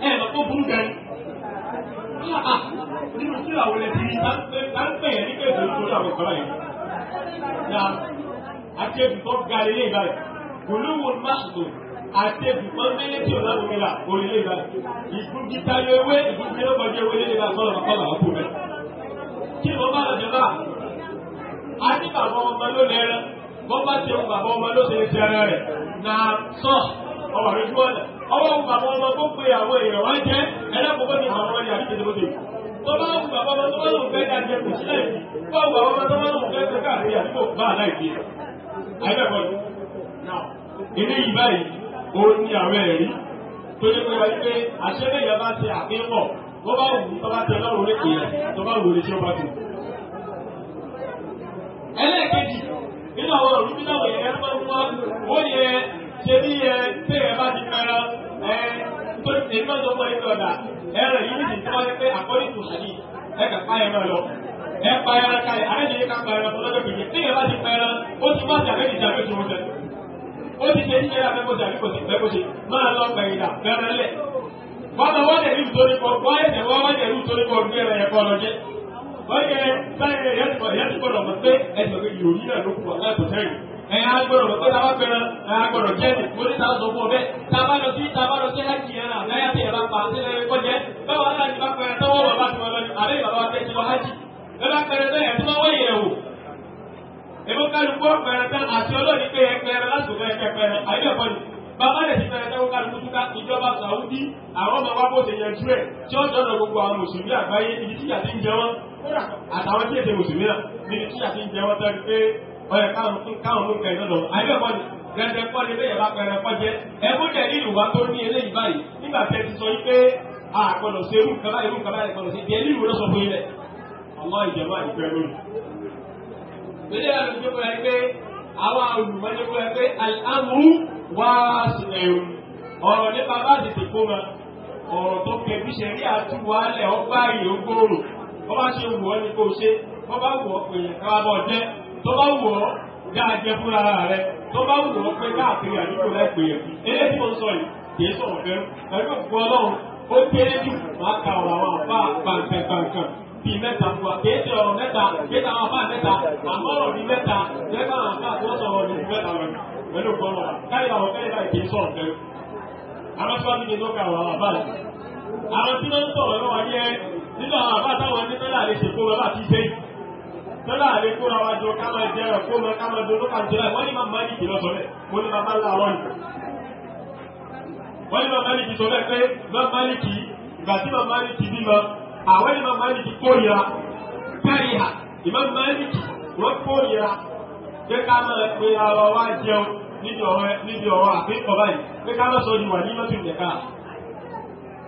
[SPEAKER 1] ẹ ẹ̀ tó burú gan ah, ah, nínú tí àwọn ilẹ̀ ti rí bá ń pè é ní pé èdè ìtòlú àwọn ìkọ́lá yìí na àti ebùkọ́ ga ilé ìbáyìí
[SPEAKER 3] olówó máṣùtò àti ebùkọ́ mẹ́lẹ́ tí ọ̀la ló mẹ́la orí ilé ìbáyìí ìgbúgita yọ ewé ìgbúgita yọ bọ́jú ewé ilé ìbáyìí sọ́dọ̀ kọ́lá ọ̀pọ̀ mẹ́
[SPEAKER 1] kí ni wọ́n bá lọ jọba àti bàbá ọmọ ló lẹ́rẹ́ bọ́mbà tí ohun bàbá ọmọ ló ṣe ti ara rẹ̀ na sọ ọwọ́ àrẹ́jú ọ̀nà
[SPEAKER 3] ọwọ́ ohun bàbá ọmọ tó pe àwọn èèyàn wá jẹ́ ẹlẹ́kọ̀ọ́kọ́ ní bàbá ọmọdé àti kìdìbòdì tó bá ohun bàbá ọmọ tó bá lòun fẹ́ dá jẹ kò sí láìpẹ́ tó ohun bàbá ọmọ tó bá lòun fẹ́ fẹ́ káàkiri àdúgbò bá láìpẹ́
[SPEAKER 1] àìbẹ̀kọ́ ilé
[SPEAKER 3] yìí tó bá ti àfihàn wọ́n bá wù tó bá tẹ lọ́rùn orí tó bá wù ní tí ó bá tù.
[SPEAKER 1] ẹlẹ́ẹ̀kejì nínú àwọn òrùn nínú àwọn èèyàn tó ń wá ó yẹ
[SPEAKER 3] ṣe bí ẹ pé ẹ bá ti fẹ́ràn ẹ tó ti ṣe mọ́tò pọ̀ nínú ọ̀dà ẹ rẹ̀ yìí ti tọ́ ní pé àkọ́lé kù sàdí ẹ kà pa ẹran lọ ẹ pa ẹran kalẹ̀ àrẹ́jì yìí ká pa ẹran lọ́jọ́ kejì tí ẹ bá ti fẹ́ràn ó ti má jàpé ti jàpé tó ń tẹ ó ti ṣe iṣẹ́ abẹ́kọ̀ṣe àbíkọ̀ṣe bẹ́kọ̀ṣe máa lọ gbẹ̀yìnà fẹ́ràn lẹ̀ wọ́n máa wá wọ́n yẹ báyìí yẹtùkọ̀ yẹtùkọ̀rọ̀ mọ̀ pé ẹ̀sọ̀ pé yòó yín náà ló kù wá
[SPEAKER 1] láàbò sẹ́yìn. ẹ á gbọ́dọ̀ lọ pé táwa fẹ́ràn ẹ á gbọ́dọ̀ jẹ́ ní orí ta sọ fún ọ bẹ́ẹ̀ táwa
[SPEAKER 3] lọ sí táwa lọ sí láti yẹn náà láyà tẹ̀ yàrá pa àti lẹ́yìn kọ́jẹ́ báwa náà ti bá fẹ́ràn tọ́wọ́ bàbá ti wọn lọ àbẹ́ bàbá wa tẹ̀sí wọn hájì ẹ bá fẹ́ràn bẹ́ẹ̀ ẹ̀ tó bá wọ́yẹ̀ èmi kálukú ọ̀pẹ̀rẹ̀ tán àti ọlọ́ọ̀ni pé ẹ bàbá rẹ̀ ti bẹ̀rẹ̀ tẹ́wọ́ kálukú túká ìjọba Saudi àwọn ọmọ wa bó ṣe yanjú ẹ̀ tí ó jọ́nà gbogbo àwọn mùsùlùmí àgbáyé ibi tíyà ti ń jẹ wọ́n àtàwọn tí èdè mùsùlùmí náà níbi tíyà ti ń jẹ wọ́n tẹ́lẹ̀ pé ọyẹ káwọn ló kẹ́ ẹ̀ lọ́dọ̀ àyẹ̀kọ́ ni gẹ́gẹ́ kọ́ ni bẹ́ẹ̀ bá pẹ̀rẹ̀ kọ́ jẹ́ ẹ̀mú dẹ̀ nílùú wa tó ní eléyìí báyìí nígbà tẹ́ ti sọ pé àgbọ̀dọ̀ àwọn olùmọ́lẹ́wọ́ ẹ pé àmú wá sílẹ̀rù ọ̀rọ̀ nípa bá ti tèkó ma ọ̀rọ̀ tó kẹbí ṣẹ̀rí àtúwálẹ̀ ọgbà ìyógóró wọ́n bá ṣe wù ọ́ ní kó ṣe wọ́n bá wù ọ́ pé káàbọ̀ jẹ́ tó bá wù ọ́ dáadẹ́ fúnra rẹ̀ tó bá wù ọ́ pé káàkiri àdúgbò rẹ̀ pè é eléyìí tí mo sọ yìí kì í sọ̀rọ̀ fẹ́ pẹ̀lú òkú ọlọ́run ó délé jù máa ka ọ̀rọ̀ àwọn àbá gbàǹkan gbàǹkan bíi mẹ́ta fún wa kéèké ọ̀rọ̀ mẹ́ta kéèké àwọn afá mẹ́ta àmọ́ ọ̀rọ̀ bíi mẹ́ta lẹ́gbàá àwọn afá tó sọ̀rọ̀ ní ìlú mẹ́ta rẹ̀ pẹ̀lú gbọ́nà káyọ̀ àwọn fẹ́rẹ̀ láì kí sọ̀rọ̀ fẹ́. àwọn tí wọ́n ti lóka àwọn àbá rẹ̀ àwọn tí wọ́n ń sọ̀rọ̀ lọ́wọ́ yẹ nínú àwọn àbá táwọn ní mẹ́lá lè ṣèkó bàbá àti iṣẹ́ tọ́lá àlè kóra wa jọ ká máa jẹrọ kó máa ká máa dolo ká jẹrọ wọ́n ní máa ní ìkìlọ̀ sọ́lẹ̀ mo ní máa la ọ̀rọ̀ yìí. wọ́n ní máa ní ìkìlọ̀ sọ́lẹ̀ pé máa ní kì í ìgbà tí ní kì í bí máa àwọn ìmọ̀ Málíkì kórìíra kárìíra ìmọ̀ Málíkì wọ́n kórìíra pé ká máa pe ara wa jẹun níbi ọ̀rọ̀ àfihàn báyìí pé ká máa sọ ní wà ní mọ́tò ìjẹ̀ká.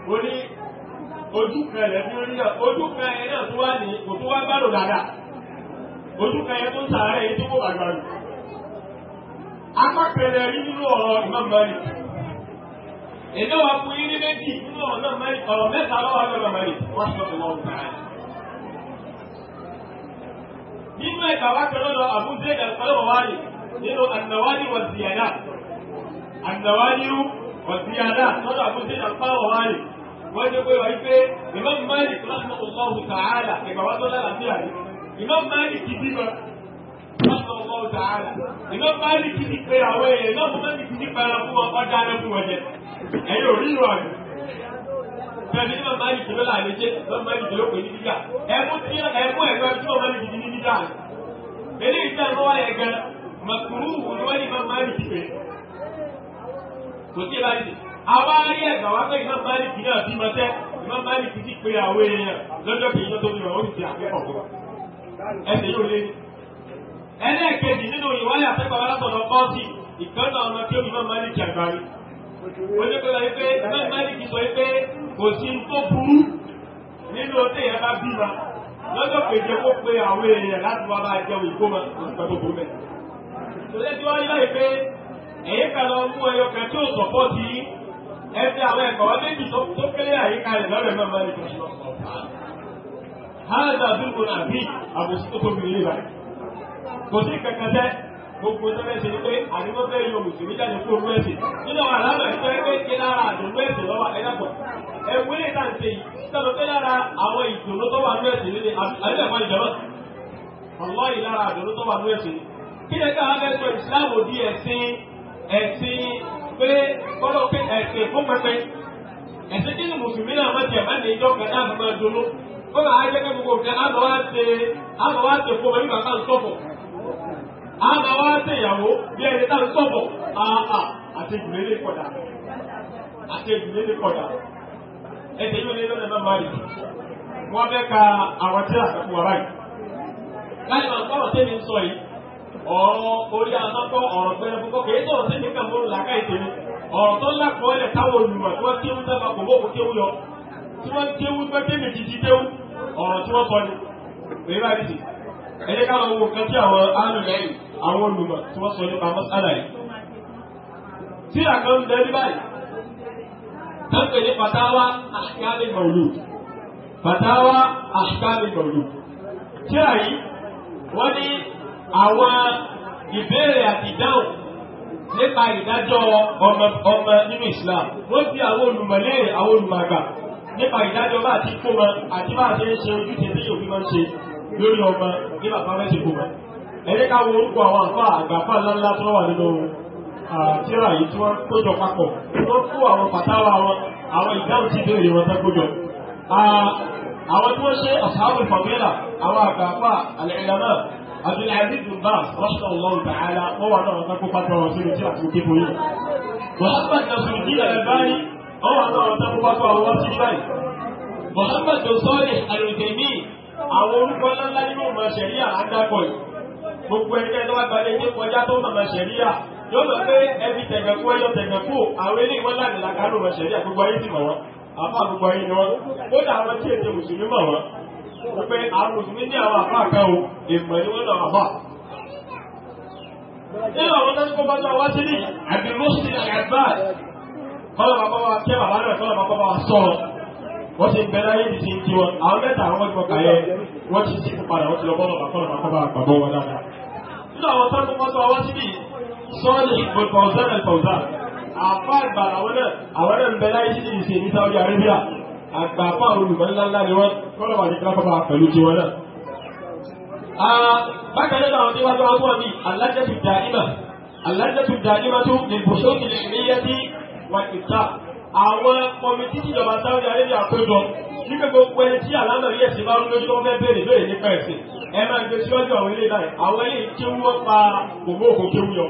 [SPEAKER 3] ó ní ojú kan orí náà ojú náà tó wá ní kò tó wá gbádùn dáadáa ojú tó ń sàárẹ̀ yìí tó kó rí nínú ọ̀rọ̀ èmi wà fún yín ní méjì nínú ọ̀rọ̀ mẹ́ta lọ́wọ́ ọjọ́ mẹ́rin wọ́n ti lọ́wọ́ ọ̀rọ̀ mẹ́rin. nínú ẹ̀ka wá pẹ̀lú ọ̀dọ̀ àbújá ìdàgbàsọ́lọ́wọ́ wáyé nínú ànàwárí wà ziyàdá ànàwárí wà ziyàdá lọ́dọ̀ àbújá ìdàgbàsọ́lọ́wọ́ wáyé wọ́n ti pé wáyé pé Imam Malik rahmatullahi ta'ala ìgbà wá tó lálàáfíà yìí Imam Malik kìí ìmọ̀ báyìí ti di pé àwọn èèyàn náà tó mẹ́rin ti di para fún wọn ọjà rẹ̀ fún wọn jẹ ẹ̀yìn òrírò àmì bẹ́ẹ̀ni ní màmá yìí tòló làlẹ́ jẹ́ màmá yìí tòló pè ní dídá ẹ̀mú tí ẹ̀mú ẹ̀gbẹ́ tí màmá yìí ti ní dídá eléyìí tí àwọn wáyé gan màkúrú ni wọ́n ní màmá yìí ti pè kò sí láyé àwa rí ẹ̀gbà wá pé màmá yìí ti náà bí mọ tẹ́ màmá yìí ti di pé àwọn èèyàn lọ́jọ́ kìí ẹlẹ́ẹ̀kejì nínú ìwáyà pé bàbá látọ̀dọ̀ bọ́ọ̀sì na ọmọ tí omi máa máàlìkì àgbáyé onígbèrè wípé ẹ̀mọ́ máàlìkì sọ wípé kò sí tó burú nínú ọdẹ yẹn bá bí ma lọ́jọ́ kejì ó pe àwọn èèyàn láti wá bá jẹun ìkó ma kò sí pẹ́ gbogbo mẹ́. tòlẹ́ tí wọ́n yá ìpè ẹ̀yìn kan lọ mú ẹyọ tí ó àwọn ẹ̀kọ́
[SPEAKER 1] kò sí kankan tẹ́
[SPEAKER 3] gbogbo tẹ́lẹ̀ ṣe ni pé àdúgbò fẹ́ yọ mùsùlùmí jáde kúrò lú ẹ̀sìn nínú àlámà ìfẹ́ pé kí lára àdùnnú ẹ̀sìn lọ́wọ́ ẹ̀dàpọ̀ ẹ̀wú lè tà ń ṣe yìí sọ̀rọ̀ pé lára àwọn ìdùnnú tó wà lú ẹ̀sìn nílé àdúgbò ìjọba ọ̀lọ́ yìí lára àdùnnú tó wà lú ẹ̀sìn kí lè ká abẹ́sọ ìsìláàmù di ẹ̀sìn ẹ̀sìn pé kọ́lọ́ pé ẹ̀sìn fún pẹpẹ ẹ̀sìn kí ni mùsùlùmí náà mọ̀ tiẹ̀ máa ní ìjọ kan náà máa dunnú kó máa jẹ́ kí gbogbo nǹkan àbọ̀ wá ṣe àbọ̀ wá ṣe fún ọmọ yìí bàbá ń sọ̀fọ̀ a máa wá tẹ̀yàwó bí ẹni tá ń sọ̀bọ̀ àà àtẹ̀gùn lé kọ̀dà àtẹ̀gùn lé kọ̀dà ẹ̀sẹ̀ yóò lé lọ́nà náà máa yìí wọ́n fẹ́ ka àwọn tí a kàkú wàrà yìí. láti máa gbọ́dọ̀ tẹ́mi ń sọ yìí ọ̀rọ̀ orí amákọ́ ọ̀rọ̀ gbẹ́rẹ́ púpọ̀ kì í sọ̀rọ̀ sí mi kàn mọ́ làákà ìtẹ̀mí ọ̀rọ̀ tó ńlá kọ́ ẹ̀lẹ̀ táwọn olùmọ̀ tí wọ́n kéwú sábà kò bókun kéwú yọ tí wọ́n kéwú gbẹ́gbẹ́ méjì ti kéwú ọ̀rọ̀ tí wọ́n sọ ni ẹ̀yẹ káwọn ohun kan tí àwọn alùlẹ́yìn àwọn olùmọ̀ tí wọ́n sọ nípa mọ́sálà yìí tí àkàn bẹ ní báyìí tẹ́pẹ̀ ní fatawa ahkamil mawlud fatawa ahkamil mawlud tí àyí wọ́n ní àwọn ìbéèrè àti ìdáhùn nípa ìdájọ́ ọmọ ọmọ nínú Islam wọ́n ti àwọn olùmọ̀lẹ́rẹ̀ àwọn olùmọ̀gbà nípa ìdájọ́ bá àti kó wọn àti bá àti ṣe ojúṣe bí òfin máa ń ṣe lórí ọmọ òkè bàbá mẹ́sì kò mọ̀. ẹ̀yẹ́ ká wo orúkọ àwọn àfà àgbàfà ńláńlá tó wà nínú tíra yìí tí wọ́n kójọ papọ̀ tó kó àwọn pàtàwà wọn àwọn ìdáhùn tí ìbéèrè wọn tán kójọ. àwọn tí wọ́n ṣe àṣàbù ìfọ̀mẹ́là àwọn àgbàfà àlẹ́yìnlámà Abdulaziz bin Baz rọ́ṣọ̀ lọ́wọ́ tààlà wọ́n wà náà wọn tán kó pàtó àwọn sínú àwọn orúkọ ńláńlá nínú ọmọ ṣẹ̀ríà àdàpọ̀ yìí gbogbo ẹgbẹ́ tó wá ní kọjá tó mọ̀mọ̀ ṣẹ̀ríà yóò lọ pé ẹbí tẹ̀gẹ̀kú ẹyọ tẹ̀gẹ̀kú àwọn eléyìí ọmọ ṣẹ̀ríà gbogbo ayé ti mọ̀ wọn àfa gbogbo ayé ni wọn kódà àwọn tí mùsùlùmí mọ̀ wọn pé àwọn mùsùlùmí ní àwọn àfa o èèmọ̀ ni wọ́n lọ àfa. nínú àwọn tó ń kó wọ́n ti bẹ̀rẹ̀ ayé ti ti wọn àwọn mẹ́ta àwọn ìfọ̀ kàyẹ wọ́n ti ti padà wọ́n ti lọ bọ́ọ̀lù àkọ́lù àkọ́bà àgbàgbọ́ wọn dáadáa. nínú àwọn tó ń kọ́ sọ wá síbí sọ́ọ̀lì fọ̀ọ̀sán ẹ̀ fọ̀ọ̀sán àfa àgbà àwọn náà àwọn náà ń bẹ̀rẹ̀ ayé ti ti ní Saudi Arabia àgbà àfa àwọn olùmọ̀ ńlá ńlá ni wọ́n kọ́lọ̀ wà ní kíláfọ́fà pẹ̀lú tiwọn náà. bákan náà àwọn tí wọ́n gbọ́ wọn bí alájẹ́tù dàímà alájẹ́tù dàímà tó lè bùsọ́ àwọn kọmitì ìjọba Saudi Arabia péjọ nígbà gbogbo ẹni tí àlámà yẹ̀ sí máa ń lójú tó fẹ́ béèrè béèrè nípa ẹ̀sìn ẹ máa gbé síwájú àwọn ilé báyìí àwọn ilé kéwú wọn pa gbogbo òkú kéwú yọ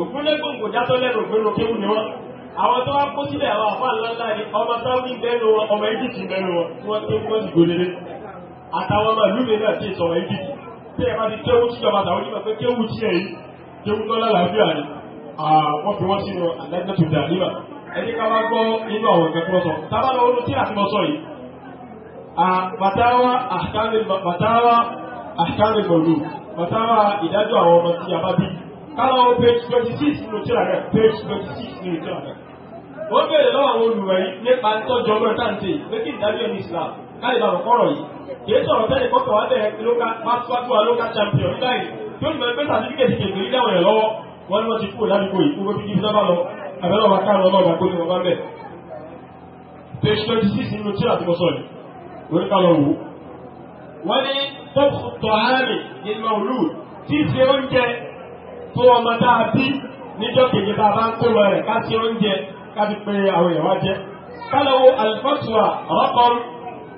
[SPEAKER 3] ògúnlẹ́gbọ̀n kò jásọ lẹ́nu ògbénu kéwú ni wọn àwọn tó wá kó sílẹ̀ àwọn àfáà ńláńlá ni ọmọ Saudi bẹ́nu wọn ọmọ Egypt bẹ́nu wọn tí wọ́n tó wọ́n sì gbòdede àtàwọn ọmọ ìlú mi náà sì sọ̀rọ̀ Egypt tí ẹ bá ti kéwú sí ọmọ àtàwọn onímọ̀ pé kéwú tiẹ̀ yìí kéwú lọ́lá làbíà ni wọ́n fi wọ́n sínú àlẹ́ ẹni ká wá gbọ́ nínú àwọn ìkẹ́kọ̀ọ́ sọ lọ olú tí àti mọ sọ yìí fatawa ahkamil mawlud fatawa ìdájọ́ àwọn ọmọ tí a bá bí kálọ̀ page twenty six nínú tíra page twenty six nínú tíra wọ́n bèèrè lọ́wọ́ àwọn olùwẹ̀rí nípa tọ́jú ọmọ ìtàǹtì pé kí ìdájọ́ ní Islam káyì bá wọn yìí kì í sọ̀rọ̀ tẹ́lẹ̀ kọ́kọ́ wá bẹ̀rẹ̀ lóka pátúwátúwa lóka champion tó ń bẹ̀rẹ̀ àbẹ́lọ́wà káàrọ̀ ọlọ́ọ̀bà kó ní ọba bẹ̀. page 26 nínú tí àti mọ́sọ̀ ni wọ́n ká lọ wò wọ́n ní tọ́pù tọ́hárì ní maulu tí í ṣe oúnjẹ tó ọmọ dáa bí níjọ́ kejì bá bá ń kó lọ rẹ̀ ká ṣe oúnjẹ ká fi pe àwọn èèyàn wá jẹ kálọ̀wọ́ alifọ́tùwà rọ́kọ̀m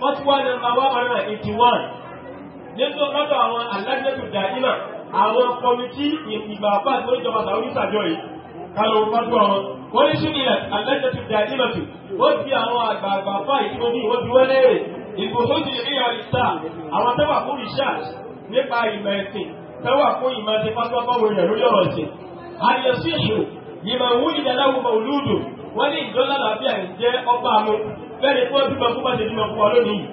[SPEAKER 3] fọ́tùwà ní àwọn ọ̀nà 81 nínú lọ́dọ̀ àwọn alájẹ́kù dàímà àwọn kọmití ìgbà àpá àti oníjọba sàwọn ìsàjọ yìí kálọ̀ fájú àwọn wọ́n ní súnìyàn alẹ́jọ́ ti dà ìmọ̀ tù wọ́n fi àwọn àgbààgbà fà ìdíwọ́ ní ìwọ́n dúró léèrè ìbò tó ti rí àrísà àwọn tẹ́wà fún research nípa ìmọ̀ ẹ̀sìn tẹ́wà fún ìmọ̀ ẹ̀sìn pátápáwò rẹ̀ lórí ọ̀rọ̀ ẹ̀sìn àyẹ̀sí ìṣù ìmọ̀ ìwú ìdẹ́láwò mọ̀lúùdù wọ́n ní ìjọ́lá làbíà ń jẹ́ ọgbà mú bẹ́ẹ̀ni fún ẹbí mọ̀kú bá ti bímọ fún wa lónìí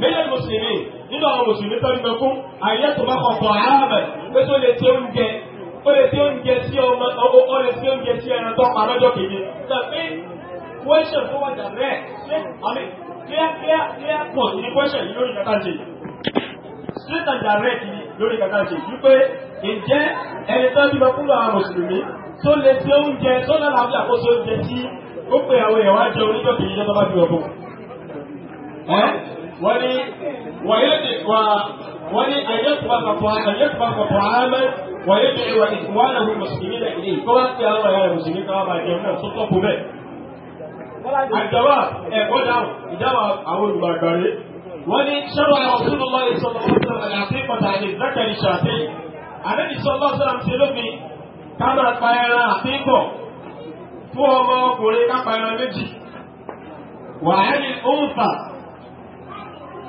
[SPEAKER 3] mílíọ̀nù mùsùlùmí nínú àwọn mùsùlùmí tó bímọ fún àyẹ̀tò bá kọ̀ọ̀kan ààbẹ̀ pé tó lè tó oúnjẹ ó lè tí oúnjẹ tí ọmọ ó lè tí oúnjẹ tí ẹran tọ́pa lọ́jọ́ kejì náà question tó wà jà rẹ̀ ṣé àmì clear clear clear point ní question yìí lórí kàtà ṣe straight and direct ni lórí kàtà ṣe yìí pé ǹjẹ́ ẹni tó bímọ fún àwọn mùsùlùmí tó lè tí oúnjẹ tó lọ́la àbí àkóso oúnjẹ tí ó pe àwọn èèyàn wá jẹ oníjọ́ kejì jẹ́ tó bá fi ọ̀bùn wọ́n ní wọ́n yóò wọ́n ní àyẹ̀kùbá kọ̀ọ̀kan àmẹ́ ويدعو إخوانه المسلمين إليه فوقت الله يا المسلمين كما بعد يومنا سلطة بمين الجواب ايه دعوة إجابة أقول ما قال ولي شرع رسول الله صلى الله عليه وسلم العقيقة عن الذكر الشافعي النبي صلى الله عليه وسلم سيلومي كما قال عقيقة فهو ما قولي كما نجي وعن الأنثى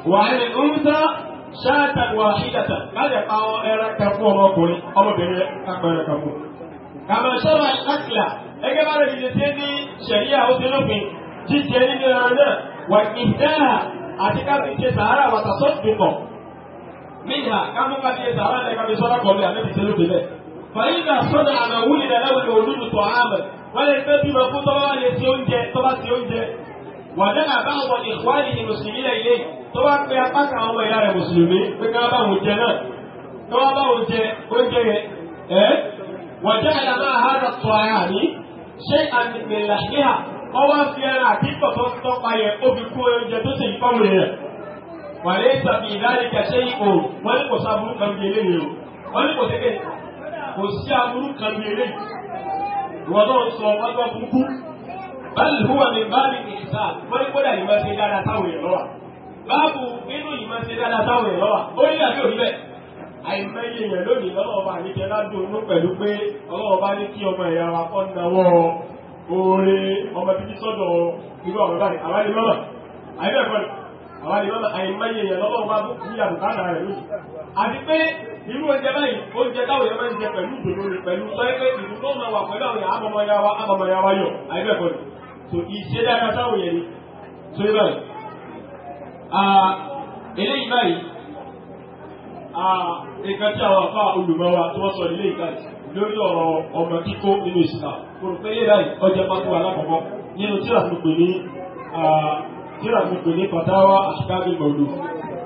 [SPEAKER 3] وعن الأنثى ṣáàtà wà ṣídàtà láti pa ọ ẹran kan fún ọmọkùnrin ọmọbìnrin apẹ̀rẹ̀ kan fún. kàmá ṣọ́ra àkìlà ẹgbẹ́ bá rẹ̀ ṣe ṣe ní ṣẹ̀ríà ó ti lópin jíjẹ nínú ẹran náà wà ìdáhà àti káfí ṣe sàárà wàtà sọ́ọ̀tùmọ̀. mílíà kámú káfí ṣe sàárà náà káfí sọ́ra kọ̀ọ̀lù àmẹ́bí ṣe lópin bẹ́ẹ̀. fàyínà sọ́dà àmà wúlì lẹ́lẹ́wọ̀n olúdù tọ́ tó bá pe apá kan ọmọ ìyá rẹ̀ mùsùlùmí pé ká bá òun jẹ náà tó bá bá òun jẹ oúnjẹ yẹn ẹ́ wọ́n jẹ́ ìlànà àhárọ̀ tó ara ní ṣé àmìlàhíà ọwọ́ fi ẹran àtìkọ̀ tó tọ́ pa yẹn ó fi kú oúnjẹ tó sì ń pọ́n rẹ̀ wà lè sàbí ìdáríkà ṣé ipò wọ́n ní kò sábúrú kan bí eléyìí o wọ́n ní kò sẹ́kẹ̀ kò sí aburú kan bí eléyìí ìwọ́n náà sọ wọ́n tó burúkú báyìí hùwà mi bá mi kì í sá wọ́n ní kódà ìwọ́n báàbù nínú ìmọ̀ ṣe dáadáa táwọn èèyàn wà ó ní àbí òbí bẹ́ẹ̀ àìmọye èèyàn lónìí lọ́wọ́ ọba àníkẹ́ ládùn inú pẹ̀lú pé ọlọ́wọ́ bá ní kí ọmọ ẹ̀yà wa kọ́ nawọ́ oore ọmọ bíbí sọ́dọ̀ irú àwọn báyìí àwa ni mọ́mọ́ àìbẹ̀ kọ́ ni àwa ni mọ́mọ́ àìmọye èèyàn lọ́wọ́ bá bú kú yàrá bàtà rẹ̀ lónìí àti pé irú oúnjẹ báyìí oúnjẹ táwọn èèyàn máa ń jẹ pẹ̀lú ìdòdó rẹ̀ pẹ̀lú sọ́yẹ́pẹ́ ìlú tó máa wà pẹ̀lú àwọn àmọmọya wa àmọmọya wa yọ àìbẹ̀ kọ́ ni so ìṣe dáadáa táwọn èèyàn ni so ibà yìí Ah, eléyìí báyìí ah, nǹkan tí àwọn àfáà olùmọ́wà tí wọ́n sọ ilé ìkàtì lórí ọ̀rọ̀ ọmọ kíkó nínú ìsìnà kòròpé yé báyìí ọjọ́ pátó alákọ̀ọ́kọ́ nínú tíra fún pè ní ah, tíra fún pè ní pàtàwà àṣìkáàbí gbòòlù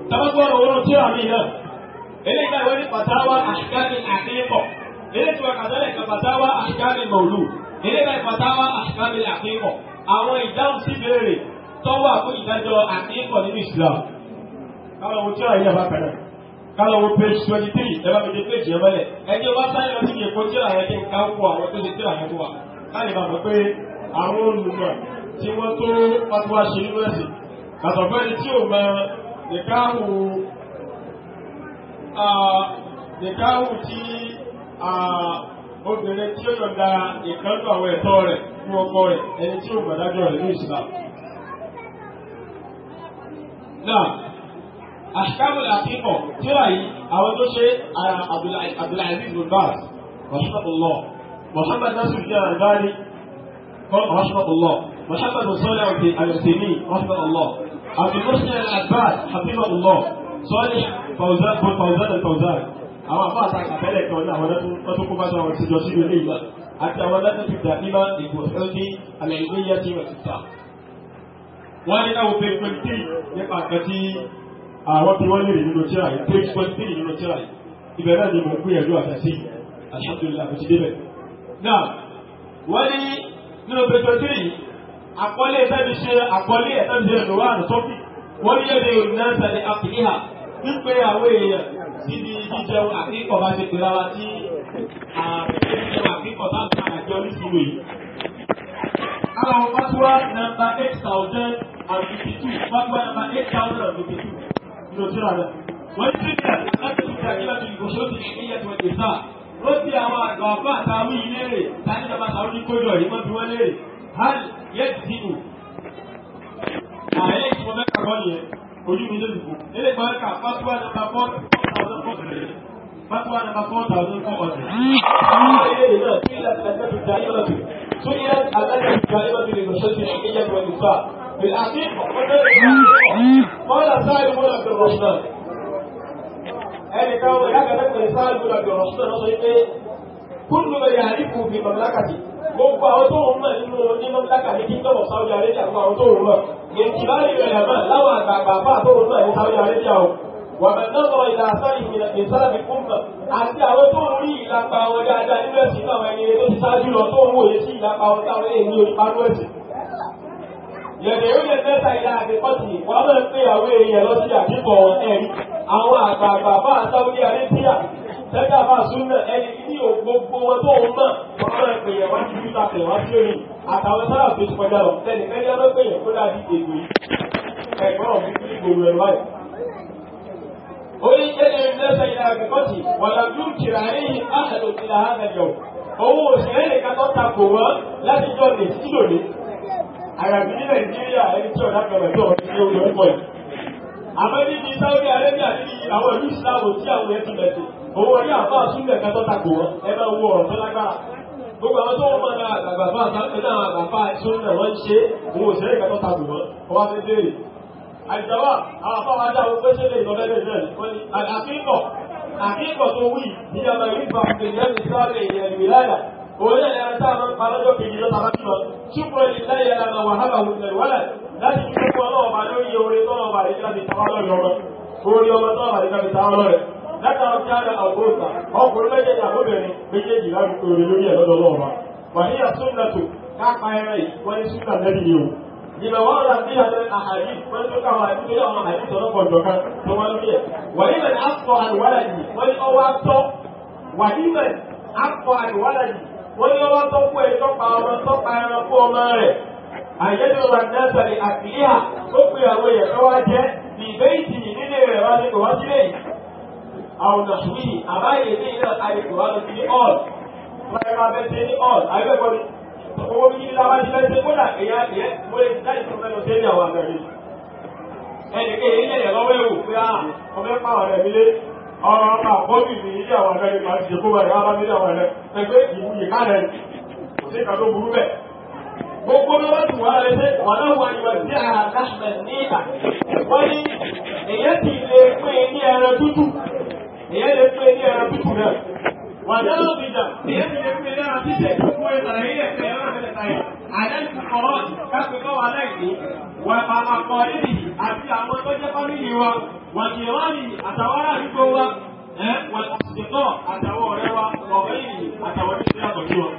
[SPEAKER 3] tábàgbọ́n owó tíra mi náà eléyìí báyìí wọ́n ní pàtàwà àṣìkáàbí àkéèkọ̀ eléyìí tí wọ́n kàdálẹ̀ kan pàtàwà àṣìkáàbí gbòòlù eléyìí báyìí pàtàwà àṣìkáàbí àkéèkọ̀ àwọn ìdáhùn sí béèrè tọ́wọ́ àfún ìdájọ́ àkíkọ̀ nínú Islam káwọn ohun tí ó yẹ bá kàdà káwọn ohun page twenty three ẹ bá mi dé page yẹn mọ́lẹ̀ ẹjẹ́ wá sáyẹn lọ sí ní èkó tí àwọn ẹni ká kó àwọn tó ṣe tí àwọn ẹni wà láì bá mọ̀ pé àwọn olùmọ̀ tí wọ́n tó wá ṣe nínú ẹ̀sìn àtọ̀gbẹ́ni tí ò mọ nìkáhù nìkáhù tí obìnrin tí ó yọ̀ǹda ìkánú àwọn ẹ̀tọ́ rẹ̀ fún ọkọ rẹ̀ ẹni tí ò mọ̀ dájọ́ rẹ̀ ní Islam náà àṣìkáàbù àkíkọ̀ tí ó yìí àwọn tó ṣe ara abdulaziz bin baz rahimahullah muhammad nasir bin albani rahimahullah muhammad musola bin alasemi rahimahullah abdulmusin al-abbas hafizahullah sọ́ọ́lì fawzan bin fawzan al-fawzan àwọn àbá àtàkà tẹ́lẹ̀ kan náà wọ́n tó kó bá sọ àwọn ìṣèjọ́ sí ilé ìgbà àti àwọn lẹ́tọ̀ọ́ ti dà nígbà ìgbòhẹ́lì àlẹ́ ìgbéyàtì rẹ̀ wọ́n ní láwọn page twenty three nípa nǹkan tí àwọn bí wọ́n lè rí nínú tíra yìí page twenty three nínú tíra yìí ibẹ̀ náà ni mo ń gbìyànjú àtàtì alhamdulilah mo ti débẹ̀. náà wọ́n ní nínú page twenty three àkọlé tẹ́bi ṣe àkọlé ẹ̀ tẹ́bi ṣe ẹ̀dùn wà ní tọ́kì wọ́n ní yẹ́dẹ̀ onínáńtà ní àpìlíhà wípé àwọn èèyàn síbi jíjẹun àkíkọ̀ bá ti pèrè ara tí àkíkọ̀ bá ń ta àjọ nísìnyí.
[SPEAKER 1] Now, fatwa
[SPEAKER 3] number eight thousand and fifty-two. Fatwa number eight thousand and fifty-two. Nínú tí ra rẹ̀. Wọ́n ti rí ẹ̀ láti fi àkíyà tó ìbò ṣó ti ní ẹ̀yẹ tó ti sá. Ó ti àwọn àgbà ọ̀fà àtàwọn yìí léèrè. Táyé ìjọba àtàwọn oníkójọ yìí wọ́n fi wọ́n léèrè. Hal yẹ ti dìbò. Ààyè ìtumọ̀ mẹ́ta kọ́ nìyẹn. Ojú mi lè dìbò. Ilé ìgbàlùkà fatwa number four thousand four 4000 Fatwa number four thousand four hundred. Àwọn ilé ìlú náà kí سئلت التي الكلمة للمسجد الحقية والنساء بالعقيقة
[SPEAKER 1] قال سائل بن عبد الرحمن ẹnì kan wọ ìyá kẹlẹ pẹ̀lú sáà lórí
[SPEAKER 3] àbí ọ̀rọ̀ sọ̀rọ̀ sọ pé kúndùn lè yà ní kùbì mọ̀lákàtì gbogbo àwọn tó ń mọ̀ nínú ní mọ̀lákàtì kí tọ̀wọ̀ sáwọ́dì àrẹ́jà fún àwọn tó ń mọ̀ èyí bá rẹ̀ hàn láwọn àgbààgbà bá tó ń mọ̀ ní sáwọ́dì àrẹ́jà o wàmẹ̀ nọ́bọ̀ ìlà àtọ́yìn ìrìnàjò sálàbí kúmbà àti àwọn tó ń rí ìlàpá wọn dáadáa nínú ẹ̀sìn náà ẹni tó ti ṣáájú lọ tó ń wòye sí ìlàpá wọn táwọn èèyàn ní onípanú ẹ̀sìn. yẹ̀dẹ̀ yóò lè mẹ́ta ìlà àdìpọ́tì wọ́n máa ń pè àwọn èèyàn lọ sí àdìpọ̀ ẹ̀rí àwọn àgbààgbà bá àtàwọn arábíà tẹ́tà bá súnmọ́ ẹni ní gbogbo wọn tó ń mọ̀ wọ́n máa ń pè yẹn wá sí ìta pè wá sí òní àtàwọn sábà tó ti kọjá lọ tẹ́lẹ̀ kẹ́lẹ́ lọ́pẹ̀yẹ̀ kó dàbí ègbè ẹ̀gbọ́n mi kí gbogbo ẹ̀rọ báyìí orí ẹ̀yẹ mẹ́ta ìlà àgbẹ̀kọ́tì wàlá ju kìràrí àhàlò ìlà àgbẹ̀jọ owó òṣèré nìkan tó ta kò wọ́n láti jọ lè sí lòdì àyàfi ní nàìjíríà ẹni tí ọ̀dà kan mẹ́tọ́ ní orí ọkọ̀ yìí àmọ́ níbi Saudi Arabia níbi àwọn ìlú Islam tí àwọn ẹ̀sìn mẹ́tì owó orí àbá àtúndẹ̀ kan tó ta kò wọ́n ẹ máa wo ọ̀rọ̀ tó lágbára gbogbo àwọn tó wọ́n máa àgbàfà àgbàfà ìṣúná wọn ṣe òun òṣèré kan tó ta kò wọ́n ọwọ́ àìjọwà àwọn afọ́wà dáwọ́ pé ṣe lè lọ́lẹ́lẹ́ náà àkíkọ̀ àkíkọ̀ tó wí ní ọmọ ìgbà ìgbẹ̀lẹ́ni sọ́ọ̀lẹ̀ ìyẹ̀lú ìlànà òun ẹ̀rẹ́ ẹ̀rẹ́ táwọn ń parọ́jọ́ kejì lọ́ta bá bímọ ṣùgbọ́n ilé láyé ara ma wàhálà òun ẹ̀rù wálà láti fi fún ọlọ́wọ́ bá lórí oore tọ́lọ́ bá rí láti tàwọn lọ́rẹ̀ ọmọ orí ọmọ tọ́lọ́ bá rí láti tàwọn lọ́rẹ̀ látara ti ara àgbóòta ọkùnrin méjèèjì àbóbìnrin méjèèjì láti oore lórí ẹ̀ lọ́dọ̀ lọ́wọ́ wà ní súnà lẹ́bi ni لما ورد في هذا الاحاديث من تلقى حديث له حديث رقم جوكا ثم الفيه ولمن اقصى عن ولده ولي او اقصى ولمن اقصى عن ولده ولي او اقصى هو يتوقع ومن توقع يقوى ماله أن يدعو الناس لأكلها تقوى ويقوى في بيته من الرزق وسليه أو نحوه أما يدعي إلى الحديث وهذا في أول ما يقابل في أول أيضا owó bí kí lábá ṣe ṣe kódà èyá yẹ mo lè láì sọ fẹ́ẹ́ lọ sí ẹ̀yàwó àgbẹ̀rẹ̀ ẹnì kejì ń yẹ̀yẹ̀ lọ́wọ́ ẹ̀wò pé à ah, ọmọ ẹ̀pá ọ̀rẹ́ mi lé ọ̀rọ̀ ọmọ àbọ́bì mi ní àwọn ẹ̀rẹ́ máa ti ṣe kó wà ní wàá mi ní àwọn ẹ̀rẹ́ ẹgbẹ́ ìwú yìí kálẹ̀ kò sí ìkàtó burú bẹ́ẹ̀. gbogbo bí wọ́n ti wà lẹ́ sẹ́ wà náà wà ìwà sí àdáṣẹ̀ ní ìhà wọ́n ní èyẹ́ ti lè pín ní ẹran tútù èyẹ́ lè pín ní ẹran tútù náà
[SPEAKER 1] ولا بدا لأن
[SPEAKER 3] الابتلاء تسع أمور ترهية خيارات الإطعام على الفقراء كفقوا عليه وأقاربه أبي أمر وجفانه وجيرانه أتوارى بقوة والأصدقاء أتوارى وغيره أتوارى بقوة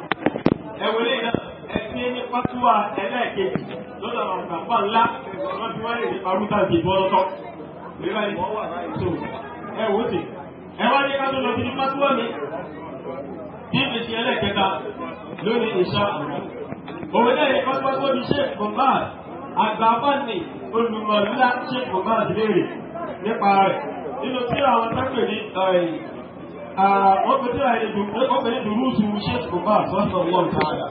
[SPEAKER 3] أولينا ẹni pátíwá ẹlẹ́ẹ̀kejì lọ́dọ̀ àwọn ìgbàgbọ́ ńlá wọ́n fi wáyé ìparúta ìdìbò ọlọ́tọ́. Ìrẹ́lẹ̀ ìwọ́n wà láì tó ẹ̀wọ́ sí ẹ wá ní kájú lọ sí ní pátúwọ̀ mi bí èsì ẹlẹ́kẹta lórí ìṣá òwe náà yẹ pátúwọ̀ tó ní ṣe kọ̀mbà àgbàfà ní olùmọ̀ ńlá ṣe kọ̀mbà léèrè nípa rẹ̀ nínú tí àwọn tẹ́pẹ̀ ní ọkùnrin dùrúsù ṣe kọ̀mbà sọ́sọ̀ wọn káàdà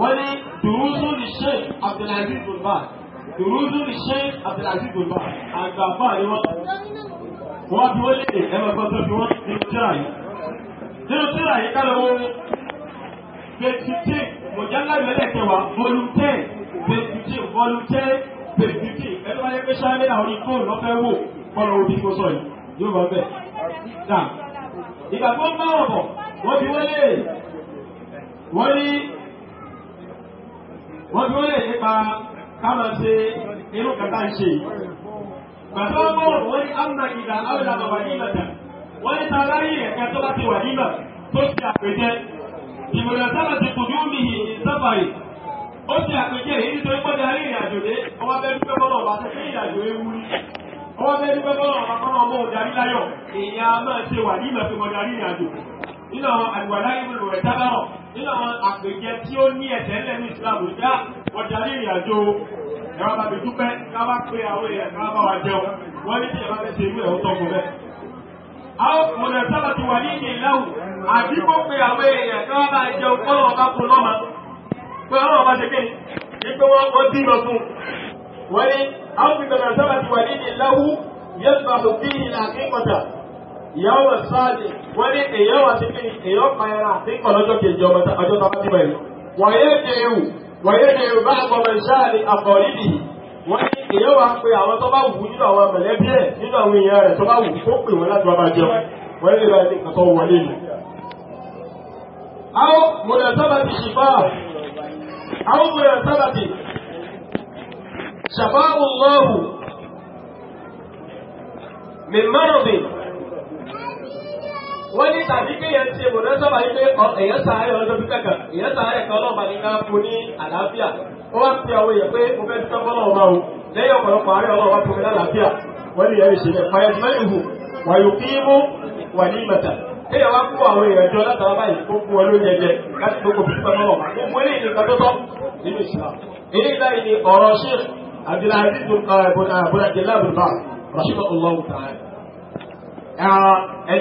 [SPEAKER 3] wọ́n ní dùrúsù ní ṣe Abdulaziz kọ̀mbà dùrúsù ní ṣe Abdulaziz kọ̀mbà àgbàfà ni wọ́n wọ́n bí wọ́n léde ẹgbẹ́gbẹ́ tó bí wọ́n nínú tíra yìí nínú tíra yìí kálọ̀ wọ́n fèsìtì mọ̀jálá ìmẹ́lẹ̀kẹwà volunteer fèsìtì volunteer fèsìtì ẹni wáyé pé sáré náà orí fóònù lọ́fẹ́ wò kọ́lọ̀ òbí kó sọ yìí yóò bá bẹ̀.
[SPEAKER 1] ìgbà tó ń bá ọ̀bọ̀ wọ́n bí wọ́n léde
[SPEAKER 3] wọ́n ní wọ́n bí wọ́n léde nípa káwọn ṣe irú kàtà ń ṣe bàbá ọmọ wọn ni amma ìgbà awùlàmà wàlímà dà wọn ni tààrà yìí ẹ̀ka tó bá ti wàlímà tó ti àpèjẹ ìmọ̀lá sábà ti kùdú mi ìsáfàrì ó ti àpèjẹ èyí nítorí pọ́jà rí ìrìn àjò dé ọwọ́ bẹ́ẹ̀ dúpẹ́ bọ́lọ̀ ọba tó fi ìrìn àjò ewu rí ọwọ́ bẹ́ẹ̀ dúpẹ́ bọ́lọ̀ ọba kọ́nà ọmọ òdarí láyọ̀ èèyàn a máa ṣe wàlímà fi mọ̀ darí ìrìn nínú àwọn àlùwàlá ìbùdó rẹ̀ dábàrọ̀ nínú àwọn àpèjẹ tí ó ní ẹ̀sẹ̀ ńlẹ̀ ní ìsìlámù já wọ́n darí ìrìn àjò ẹ̀rọ bàbí dúpẹ́ káwá pé àwọn èèyàn ká bá wa jẹun wọ́n ní ìyẹn bá fẹ́ ṣe irú ẹ̀ ó tọ́ fún bẹ́ẹ̀. a ó mọ̀nà sábà ti wà ní ìyẹn ìlàwù àbí kó pe àwọn èèyàn káwá bá jẹun kọ́lọ̀ ọba kun lọ́mà pé ọlọ́run ọba ṣe kéde ní pé wọ́n kọ́ bímọ fún wọ́n ní a ó fi mọ̀nà sábà ti wà ní ìyẹn ìlàwù yẹ́n ìyàwó sáàdì wọ́n ní èyàn wà sí kíni èyàn àti kọ̀lọ́jọ́ kejì ọjọ́ tàbá ti bẹ̀rẹ̀ wọ́n yé dèrú wọ́n yé dèrú bá àgbọ̀mọ̀ sáàdì àkọ̀ọ́lìdì wọ́n ní èyàn wà àwọn tó wù nínú àwọn mẹ̀lẹ́bí ẹ̀ nínú àwọn èèyàn rẹ̀ tó wù kó pè wọ́n láti jẹun wọ́n ní tàbí pé yẹn ṣe mọ̀nà sábà yìí pé èèyàn sàárẹ̀ ọjọ́ pípẹ́ kan èèyàn sàárẹ̀ kan ọlọ́ọ̀bà ní kan fún ní àlàáfíà ó wá sí àwọn èèyàn pé mo fẹ́ dúpẹ́ fọ́nà ọmọ o lẹ́yìn ọ̀pọ̀lọpọ̀ àárẹ̀ ọlọ́ọ̀bà fún mi lálàáfíà wọ́n ní ìyẹn ìṣẹ̀lẹ̀ fayẹn wà ní ìmọ̀tà èèyàn wá kú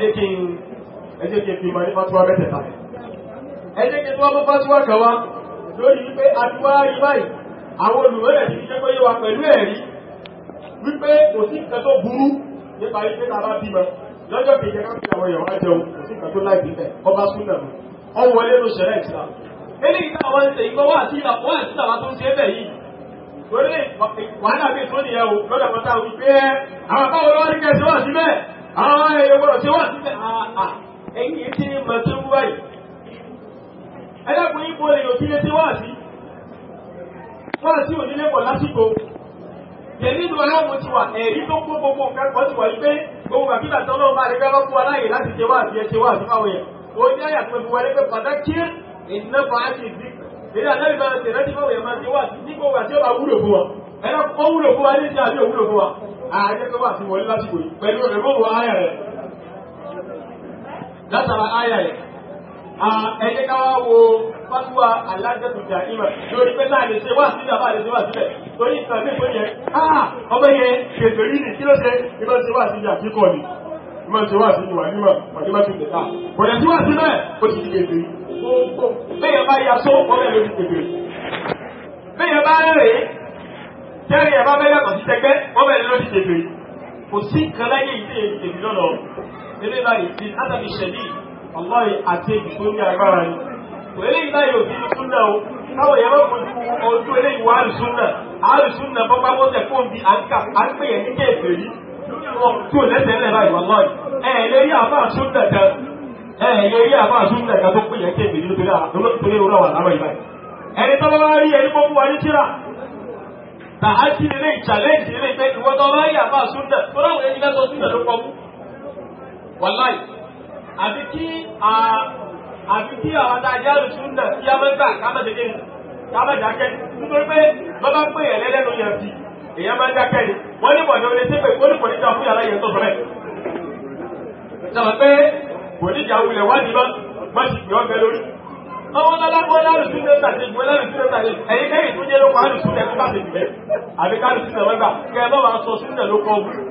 [SPEAKER 3] àwọn ẹjẹ́ kí n fi ma ní fatuwa mẹ́tẹ̀ta ẹjẹ́ kí n tó wá mú fatuwa kan wá lórí wípé àtiwá rí báyìí àwọn olùwẹ́rẹ̀ ti ṣe péye wa pẹ̀lú ẹ̀rí wípé kò sí nǹkan tó burú nípa wípé ta bá bímọ lọ́jọ́ kejì ẹ̀ka fi àwọn èèyàn wá jẹun kò sí nǹkan tó láì bíbẹ̀ ọba súnà mi ọwọ́ wọlé ló ṣẹlẹ̀ ìsìlá eléyìí tá àwọn ṣe ìgbọ́ wà sí ìlàpọ̀ àti ìlàpọ̀ tó ń ṣe bẹ̀ yìí torí wàhálà bíi tó nìyẹn o lọ́dọ̀ pátá wípé àwọn àbáwọ̀ lọ́wọ́ ní kẹsì wà síbẹ̀ àwọn èèyàn gbọ́dọ̀ ṣe wà síbẹ̀ ẹ̀yìn yìí tí mọ̀ tí ó ń wáyìí ẹlẹ́kùn yípo lè yóò kílé tí wá sí wọ́n sí ònílé pọ̀ lásìkò yẹ̀lí ìlú aláwọ̀ ti wà ẹ̀rí tó kó gbogbo nǹkan kan ti wà yí pé gbogbo àbílà tọ́lọ́ bá rí gbẹ́rọ́ fún aláyè láti ṣe wá sí ẹ ṣe wá sí fáwọn yẹn ó ní àyà pé fún pé pàtàkì ìnáfà á ti dì èyí àlẹ́ ìbára ṣe rántí fáwọn yẹn máa ṣe wá sí ní gbogbo àti ọba wúlò wúlò fún wa ní látara áyà yẹn. ẹ jẹ́ ká wá wo fatuwa alájẹtùjà ìmọ̀ lórí pé láàrin ṣe wá sílẹ̀ àbá àdéṣe wá sílẹ̀ torí ìtàn mi pé yẹn ọmọ yẹn kèfè rí ni kí ló ṣe ìmọ̀ ṣe wá sílẹ̀ àbíkọ̀ ni ìmọ̀ ṣe wá sílẹ̀ wà nímọ̀ wàdí má ti tẹ̀ta bọ̀dẹ̀ tí wá sílẹ̀ ó ti di kèfè rí. bẹ́ẹ̀ bá ya só ọmọ yẹn ló ti kèfè rí. bẹ́ẹ̀ bá rẹ̀ tẹ́rì ẹ̀ bá bẹ́ẹ̀ yàtọ̀ sí tẹgbẹ́ ọmọ yẹn ló ti kèfè rí. kò sí nǹkan láyé ìdí eré báyìí ti ádàbí ṣẹ̀dí ọlọ́rin àti èjì tó ní agbára ni kò eré báyìí òbí ní súnà o káwọn èèyàn máa fojú ojú eléyìí wọ àrùsúnà àrùsúnà bọ́ pápọ́ tẹ̀ fún bí àgbéyẹ̀ ní kéèfé yìí tí ò lẹ́sẹ̀ lẹ́ báyìí wọ́n lọ́rin ẹ̀ lè rí àbá àsúnà kan ẹ̀ lè rí àbá àsúnà kan tó péye kéèfé yìí nítorí òun àwọn àlámọ̀ yìí báyìí ẹni tọ́lọ́ bá rí ẹni mọ́ fún wa ní tíra tàá sí ilé ìtàlẹ́ǹtì ilé ìfẹ́ ìwọ́tọ́ bá wàláì àbí kí àbí kí àwọn adájá lè tún nà kí a máa gbà ká máa dédé ká máa dákẹ́ nítorí pé bàbá pé èèyàn lẹ́lẹ́nu yẹn bí èèyàn máa dákẹ́ ni wọ́n ní bọ̀dọ̀ lè tẹ́pẹ̀ ó ní kò ní jà fún yàrá yẹn tó bẹ̀rẹ̀ sọ̀rọ̀ pé kò ní jà wulẹ̀ wádìí bá má sì pè ọ́ bẹ lórí ọmọ lọ́lágbó lárùsùn ló tàbí ìgbó lárùsùn ló tàbí ẹ̀yìn kẹ́yìn tó jẹ́ ló pa àrùsùn lẹ́kọ́ bá ti jù lẹ́ àbíká àrùsùn lẹ́wọ́gbà kẹ́ ẹ bá wa sọ sílẹ̀ ló kọ́ ọ́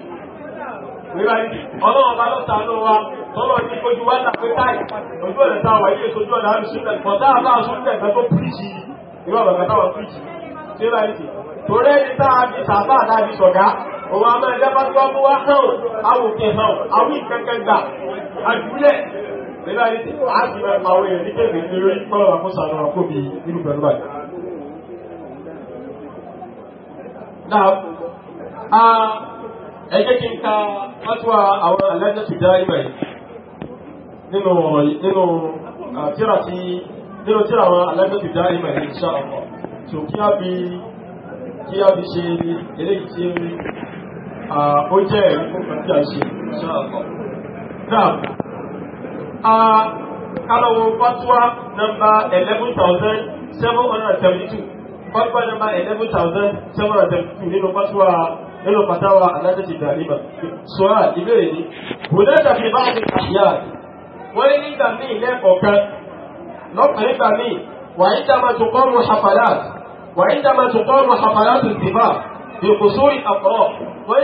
[SPEAKER 3] ọlọ́run bá ló ta ló wa tọ́lọ́ ní ojú wa là pé káì ojú ọ̀nà tá a wà yíyé sojú ọ̀nà àrùn sílẹ̀ kọ̀ tá a bá a sún tẹ̀sán tó píríṣì ìwà di sàbá àtà di sọ̀gá òun a máa jábá tó wá mú wá hàn àwòkè hàn àwọn ìkẹ́kẹ́ gbà àdúlẹ̀ ṣé bá yìí a ti máa pa àwọn èèyàn ní kébè ẹ jẹ́ kí n ka fatuwa àwọn alájẹ́ tó dáa ibà yìí nínú nínú ah, tíra tí nínú tíra àwọn alájẹ́ tó dáa ibà yìí ṣá ọ̀pọ̀ tó kí á fi kí á fi ṣe eléyìí tí ah, ó jẹ́
[SPEAKER 1] ẹ̀rí fún kan tí a ṣe ṣá ọ̀pọ̀. náà
[SPEAKER 3] kálọ̀wọ̀ fatuwa nọ́mbà eleven thousand seven hundred seventy two fatuwa nọ́mbà eleven thousand seven hundred seventy two nínú fatuwa nínú pàtàwà alájẹ́sì ìdàríbà sọ́rọ̀ ìbéèrè ní bùdẹ́ta fi bá ti àyà wọ́n ní nígbà míì lẹ́kọ̀ọ̀kan lọ́pàá nígbà míì wà ní tàbà tó kọ́rù hafàlá wà ní tàbà tó kọ́rù hafàlá tó ti bá ìkò sórí àpọ̀ wọ́n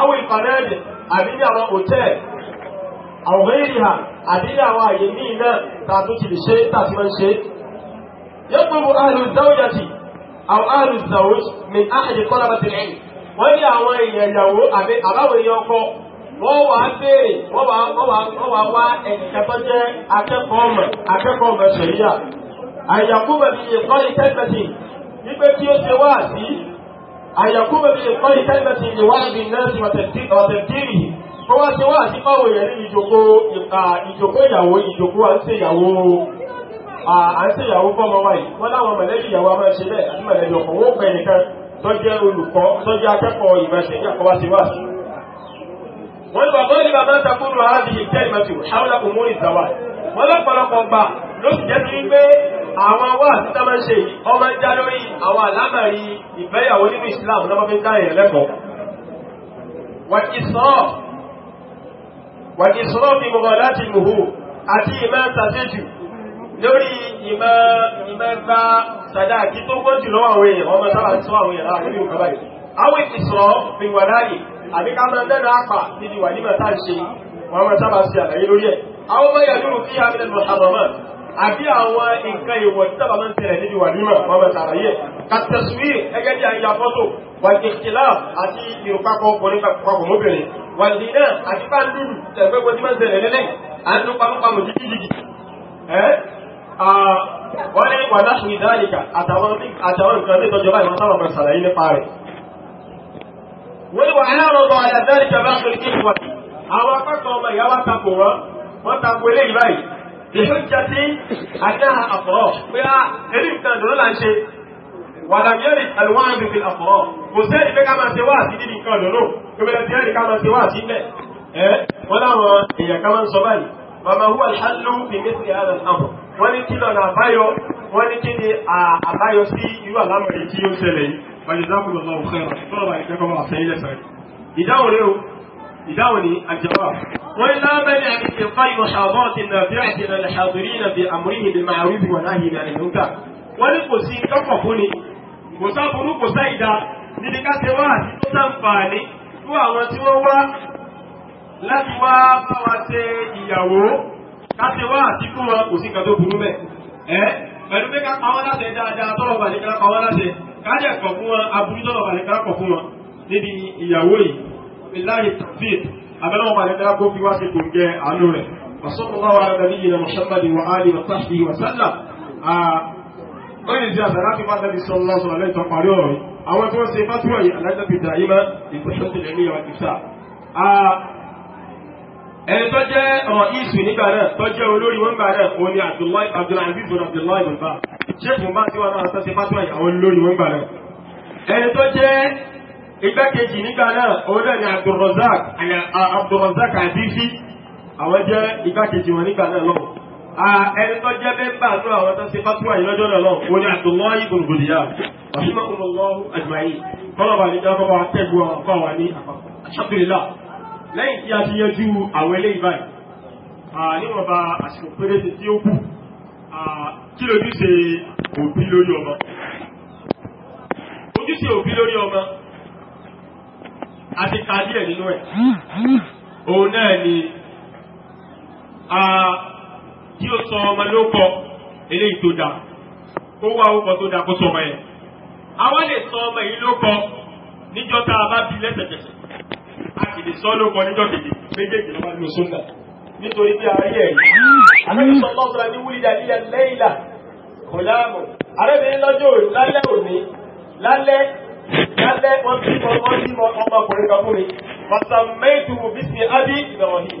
[SPEAKER 3] àwọn hall àbí ní àwọn hòtẹ́ẹ̀lì àwọn ìrìhàn àbílẹ̀ àwọn àyè ní iná tàbí ti lè ṣe tàbí wọ́n ṣe yẹ́pùrù alùzáwòyàtì àwọn alùzáwòj mi áhàjì kọ́lábàtì rẹ̀ wọ́n ní àwọn èèyàn ìyàwó àbáwọn èèyàn ọkọ wọ́n wà á béèrè wọ́n wà wá ẹ̀kẹ́kẹ́ tó jẹ́ akẹ́kọ̀ọ́ mọ̀ akẹ́kọ̀ọ́ mọ̀ ṣẹ̀yà àyàkú bẹ̀bí ìkọ́lì tẹ́gbẹ̀tì wípé tí ó ṣe wá sí àyàkú bẹ̀bí ìkọ́lì tẹ́gbẹ̀tì ìwádìí náà ó wá ṣe wá àti báwo yẹn ní ìjòkó ìjòkó ìyàwó ìjòkó à ń ṣe ìyàwó à ń ṣe ìyàwó fọmọ wa yìí wọn láwọn mọ̀lẹ́bí ìyàwó a máa ṣe bẹ́ẹ̀ àti mọ̀lẹ́bí ọkọ wọn ó pẹ nìkan tó jẹ́ olùkọ́ tó jẹ́ akẹ́kọ̀ọ́ ìmọ̀ṣẹ ìyàkọwá ti wá sí. wọn ní bàbá ní bàbá takúrú àádì ìjẹ ìmọ̀ṣẹ ìhàwọlá kò mórí ìtàwá wọn lọ́pọ̀lọpọ̀ gbà ló sì jẹ́ sí pé àwọn wà síta máa ń ṣe ọmọ ń já lórí àwọn àlámàrí ìfẹ́yàwó nínú ìsìláàmù náà máa fi ń dá èèyàn lẹ́kọ̀ọ́. wọ́n ti sọ ọ́ wà ní sọ́rọ̀bì mọ̀mọ̀ láti mòhó àti ìmá tàṣẹ́jù lórí ìmá gba sàdáàkì tó gbọ́ jù lọ́wọ́ àwọn èèyàn ọmọ sábà tí wọ́n èèyàn láàrin ìlú kọba yìí àwọn ìsọ̀rọ̀ fi wà láàyè àbí ká máa dẹ́nu àpà níbi wà nímọ̀ tá ṣe wọ́n máa sábà ṣe àlàyé lórí ẹ̀ àwọn ọmọ yàtọ̀ fi àmì lẹ́nu àbọ̀mọ́ àbí àwọn nǹkan ìwọ̀ tí sábà máa ń tẹ̀lẹ̀ níbi wà nímọ̀ wọ́n máa ṣàlàyé kàtẹ̀sùwì ẹgẹ́ bí àyà fọ́tò wàlìkìláàf àti ìrùpapọ̀ ọkùnrin papọ̀ mọ́bìnrin wàlìdínà àti pàndùrù tẹ̀gbẹ́gbẹ́ tí máa ń tẹ̀lẹ̀ lẹ́lẹ́ àti pàmọ́pàmọ́ jíjí jíjí wọ́n ní wà láti ní dáríkà àtàwọn nǹkan tí tọ́jọba ìwọ̀n sáwọn ọmọ ìsàlàyé nípa rẹ̀ wọ́n wà aláàrọ̀dọ̀ àyàdáríkà bá pẹ̀lú kí wà àwọn akẹ́kọ̀ọ́ ọmọ ìyá wa takò wọ́n wọ́n takò ilé ìbáyìí ìfẹ́ jẹ́ sí àdáhà àfọ́ pé a erí nǹkan ìdúró là ń ṣe ولم يرد الوعد في الأفراد وسيري بك ما سواه سيدي كان لو كما يرد كما سواه سيدي ولا هي كمان صبالي فما هو الحل في مثل هذا الأمر ولكن أنا بايو ولكن أبايو سي يو الأمر يتيو سيلي وجزاكم الله خيرا طلب عليكم عسيلة سعيد إذا له إذاوني الجواب ولا مانع من إلقاء محاضرة نافعة إلى الحاضرين بأمره بالمعروف ونهي عن المنكر ولقصي كففني kò sá burú kò sá ìdá níbi ká ṣe wá àti tó sàǹfààní fún àwọn tí wọ́n wá láti wá bá wa ṣe ìyàwó ká ṣe wá àti fún wọn kò sí kan tó burú bẹ́ẹ̀ ẹ́ pẹ̀lú pé ká pa wọ́n dáadáa tọ́lọ̀ bàlẹ̀ ká wọ́n láṣẹ ká dẹ̀ fún wọn aburú tọ́lọ̀ bàlẹ̀ ká kọ̀ fún wọn níbi ìyàwó yìí billahi tawfiq abẹ́lẹ́wọ̀n bàlẹ̀ ká kó fi wá ṣe kò jẹ àánú rẹ̀ وصلى الله على نبينا محمد وآله وصحبه وسلم wọ́n yìí jẹ́ àdára fi máa tẹ́lẹ̀ sọ́lọ́ sọ̀rọ̀ lẹ́yìn tó parí ọ̀rọ̀ yìí àwọn tó ń ṣe fátúwà yìí alájọ́bí dàímà ìgbésọ̀tẹ̀lẹ̀ ní ìwà ìfà ẹni tó jẹ́ ọ̀rọ̀ ìsù nígbà náà tó jẹ́ olórí wọn gbà náà òun ni Abdullahi Abdulaziz bin Abdullahi bin Baz sheikh bin Baz tiwọn náà sọ́sẹ̀ fátúwà yìí àwọn olórí wọn gbà náà ẹni tó jẹ́ igbákejì nígbà náà ni Abdulrazak Abdulrazak Adifi àwọn jẹ́ igbákejì wọn nígbà náà lọ́wọ́ ẹni tó jẹ́ mẹ́mbà tó àwọn tó ṣe fatuwa yìí lọ́jọ́ náà lọ́wọ́ wọn ni Abdullahi gbòdìyà ọ̀ṣunmọ̀ ọlọ́wọ́ àjùmáyé kọ́lọ̀bà níjọ́ kọ́ wa tẹ́gbọ́ ọkọ̀ wa ní àpapọ̀ Alhamdulillah lẹ́yìn tí a ti yẹjú àwọn eléyìí báyìí níwọ̀nba àsìkò péréte tí ó kù kí lójúṣe òbí lórí ọmọ ojúṣe òbí lórí ọmọ àti kàdíẹ̀ nínú ẹ̀ òun náà ni tí ó sọ ọmọ ló kọ eléyìí tó dáa kó wá ó kọ tó dáa kó sọ ọmọ yẹn àwa lè sọ ọmọ yìí ló kọ níjọ́ tá a bá bí lẹ́sẹ̀kẹsẹ̀ a kì lè sọ ló kọ níjọ́ kejì méjèèjì ló bá lò sóńdà nítorí bí ayé ẹ̀ àbẹ̀yẹ sọ lọ́sọ̀rọ̀ àbí wúlí dàlíyà lẹ́yìnlá kò láàmù arábìnrin lọ́jọ́ lálẹ́ òní lálẹ́ lálẹ́ wọ́n bímọ wọ́n bímọ ọmọkùnrin kan fún mi wọ́n sàmẹ́tù bísí ábí ìbẹ̀rọ̀ yìí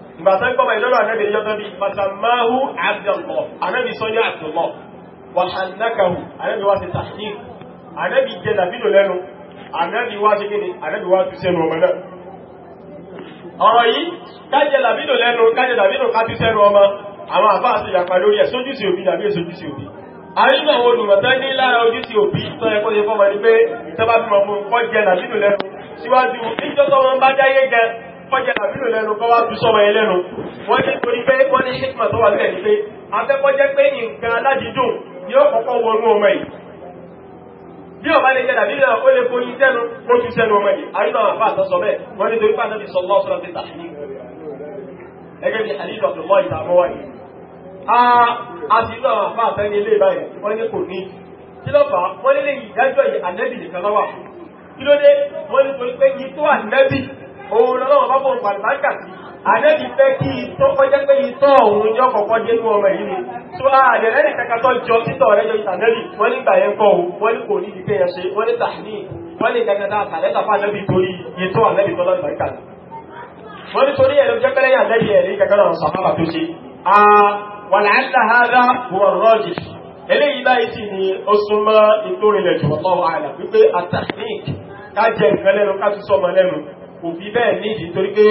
[SPEAKER 3] ìgbàtà gbọ́mà ìlọ́rọ̀ ànábì yọ́tọ́ bí matamáhù abdullah ànábì sọ́yọ́ abdullah wà hannakahu ànábì wá sí tahrir ànábì jẹ́ dàbídò lẹ́nu ànábì wá sí gíní ànábì wá tú sẹ́nu ọmọ náà ọ̀rọ̀ yìí kájẹ́ dàbídò lẹ́nu kájẹ́ dàbídò ká tú sẹ́nu ọmọ àwọn àbá àti ìyàpá lórí ẹ̀ sójú sí òbí dàbí èsojú sí òbí àrínú àwọn olùmọ̀tá ní lára ojú sí òbí tọ́ ẹ̀kọ́ ṣe fọ́mọ ní pé ìtọ́bá fi mọ̀ fún kọ́ jẹ́ dàbídò lẹ́nu síwájú níjọ́ tó wọn bá dáyé gan kọjá àbílò lẹ́nu kọ́ wá tu sọ́wọ́ ẹ lẹ́nu wọ́n ní torí pé wọ́n ní hikma tó wà lẹ́ẹ̀ ni pé afẹ́kọ́jẹ́ pé nǹkan aládìídùn ni ó kọ́kọ́ wọnú ọmọ yìí bí ọba lè jẹ́ dàbí náà ó lè kó yín sẹ́nu ó tún sẹ́nu ọmọ yìí àríwá àwọn afá àtọ́sọ bẹ́ẹ̀ wọ́n ní torí pàtàkì sọ lọ́wọ́ sọ́rọ̀ títà ẹgẹ́ bí àlílọ̀ tó lọ́ ìtààmú wáyé a sì lọ àwọn afá àtẹ́ni ilé báyìí wọ́n ní kò ní kí lọ́fà wọ́n lè ìdájọ́ yìí ànẹ́bì nìkan lọ́wà kí ló dé wọ́n ní torí pé yìí tó ànẹ́bì òun lọ́wọ́ bá bọ̀ pàtàkà sí àdẹ́bí fẹ́ kí ìtọ́ kọjẹ́ pé ìtọ́ òun yọ kọ̀kọ́ dé ní ọmọ ìlú tó ààrẹ lẹ́nì kẹkàtọ́ jọ títọ̀ rẹ̀ jọ ìtànẹ́bì wọ́n nígbà yẹn kọ́ wọ́n ní kò ní ìdíkẹ́ yẹn ṣe wọ́n ní tàní wọ́n ní kẹkẹta àtàlẹ́ta fàdẹ́bì torí ìtọ́ àlẹ́bì tọ́lọ́ ìbàríkà wọ́n ní torí ẹ̀lọ́ jẹ́pẹ́rẹ́ yà lẹ́yìn ẹ̀rí kẹkẹrẹ ọ̀rọ̀ sàmábà tó ṣe a wà láńlá hádá wọ rọ́jì eléyìí báyìí sì ni ó súnmọ́ ìtòrìnlẹ̀ jù ọ̀pọ̀ àìlà ká jẹ ìfẹ́lẹ́nu ká tún sọmọ lẹ́nu kò fi bẹ́ẹ̀ nídìí torí pé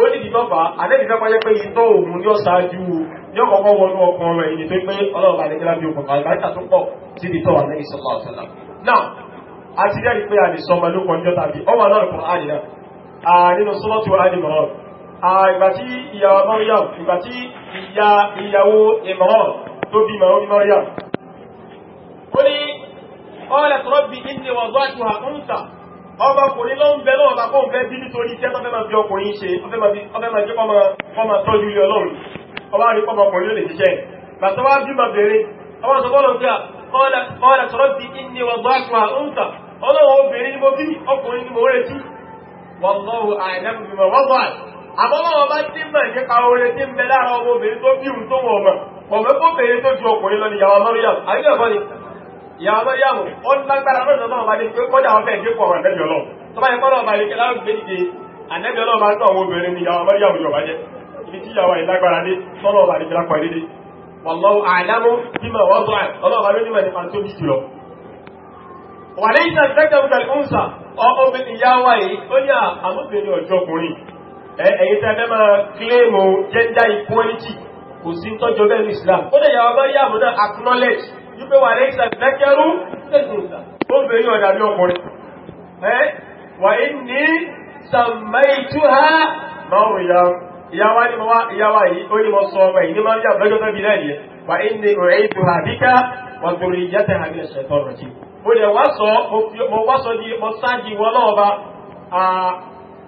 [SPEAKER 3] ó nídìí tọ́fà àdẹ́bí fẹ́ pàjẹ́ pé ìtọ́ òun ní ọ̀sáájú ní ọkọ̀kọ́ wọnú ọkàn rẹ̀ ìdí torí pé ọlọ́ọ̀bà lè gẹ́lá bí okùn àgbáríkà tó pọ̀ sí ibi tọ́wà lẹ́yìn sọ́pọ̀ ọ̀sẹ̀lá náà a ti rẹ́rí pé a lè sọmọ ló kọjọ́ tàbí ọmọ náà kọ̀ áàdì náà nínú sọ́lọ́tì wà áàdì mọ̀rọ̀ ìgbà tí ìyàwó Maryam ìgbà tí ìyàwó Imran tó bí màá ní Maryam ó ní qalat rabbi inni wada'tuha unsa ọmọkùnrin ló ń bẹ lọ́wọ́ bá fóun fẹ́ bí nítorí iṣẹ́ tó fẹ́ máa fi ọkùnrin ṣe ọfẹ́ máa jẹ́ kọ́mọ tọ́jú ilé ọlọ́run ọba rí kọ́mọkùnrin ló lè ṣiṣẹ́ bàtọ́ wá bí ma bèèrè ọmọ sọ bọ́ọ̀lù pé ọ̀rẹ́ sọ̀rọ̀ ti ní wọ́gbọ́ àṣùwà oúnta ọlọ́run obìnrin ni mo bí ọkùnrin ni mo retí wọ́lọ́rù àìlẹ́kùnrin wọ́gbọ́ àmọ́ wọn bá tí mọ̀ nípa oore tí ń bẹ lára ọmọ obìnrin tó bí òun tó wọ̀ ọmọ ọmọ kó bèèrè tó ju ọkùnrin lọ ni yàwó mọ́ríyàm àríyànfọ́ ni ìyàwó yàwó ó lágbára lọ́dọ̀ náà wà ní pé kọ́dà wọn fẹ́ẹ̀ dípò ọ̀rọ̀ ẹ̀nẹ́bí ọlọ́run tó bá yẹ kọ́dà wọn bá yẹ kẹ́lá gbé dìde ànẹ́bí ọlọ́run máa ń tọ́ àwọn obìnrin ní ìyàwó mọ́ríyàwó yọ̀bá jẹ́ ibi tí ìyàwó ìlágbára dé tọ́lọ̀ ọba ní kẹ́lá pọ̀ dédé wàlọ́wọ́ àìlámú bímọ wọ́n tó àì ọlọ́ọ̀bá ló nímọ̀ nípa tó bìí lọ wà ní ìjà ìfẹ́kẹ̀ òkèlè òǹsà ọmọbìnrin ìyá wa yìí ó ní àmọ́bìnrin ọ̀jọ́kùnrin ẹ̀yìn tẹ́ fẹ́ máa kílèmù gender equality kò sí tọ́jọ́ bẹ́ẹ̀ ní Islam ó dẹ̀ yàwó bá yàwó acknowledge wípé wà lẹ́yìn ìsàgbẹ́kẹ́rú tẹ́sùrùsà obìnrin ọ̀dà bí ọkùnrin wà ní sàmẹ́ìtúhá máwùn ìyáwá ní mọ́wá ìyáwá yìí ó ní mọ́ sọ ọmọ ìní máa ń yàbọ̀ lọ́jọ́ tẹ́bi náà yẹ wà ní rẹ̀ ètò àbíká wà torí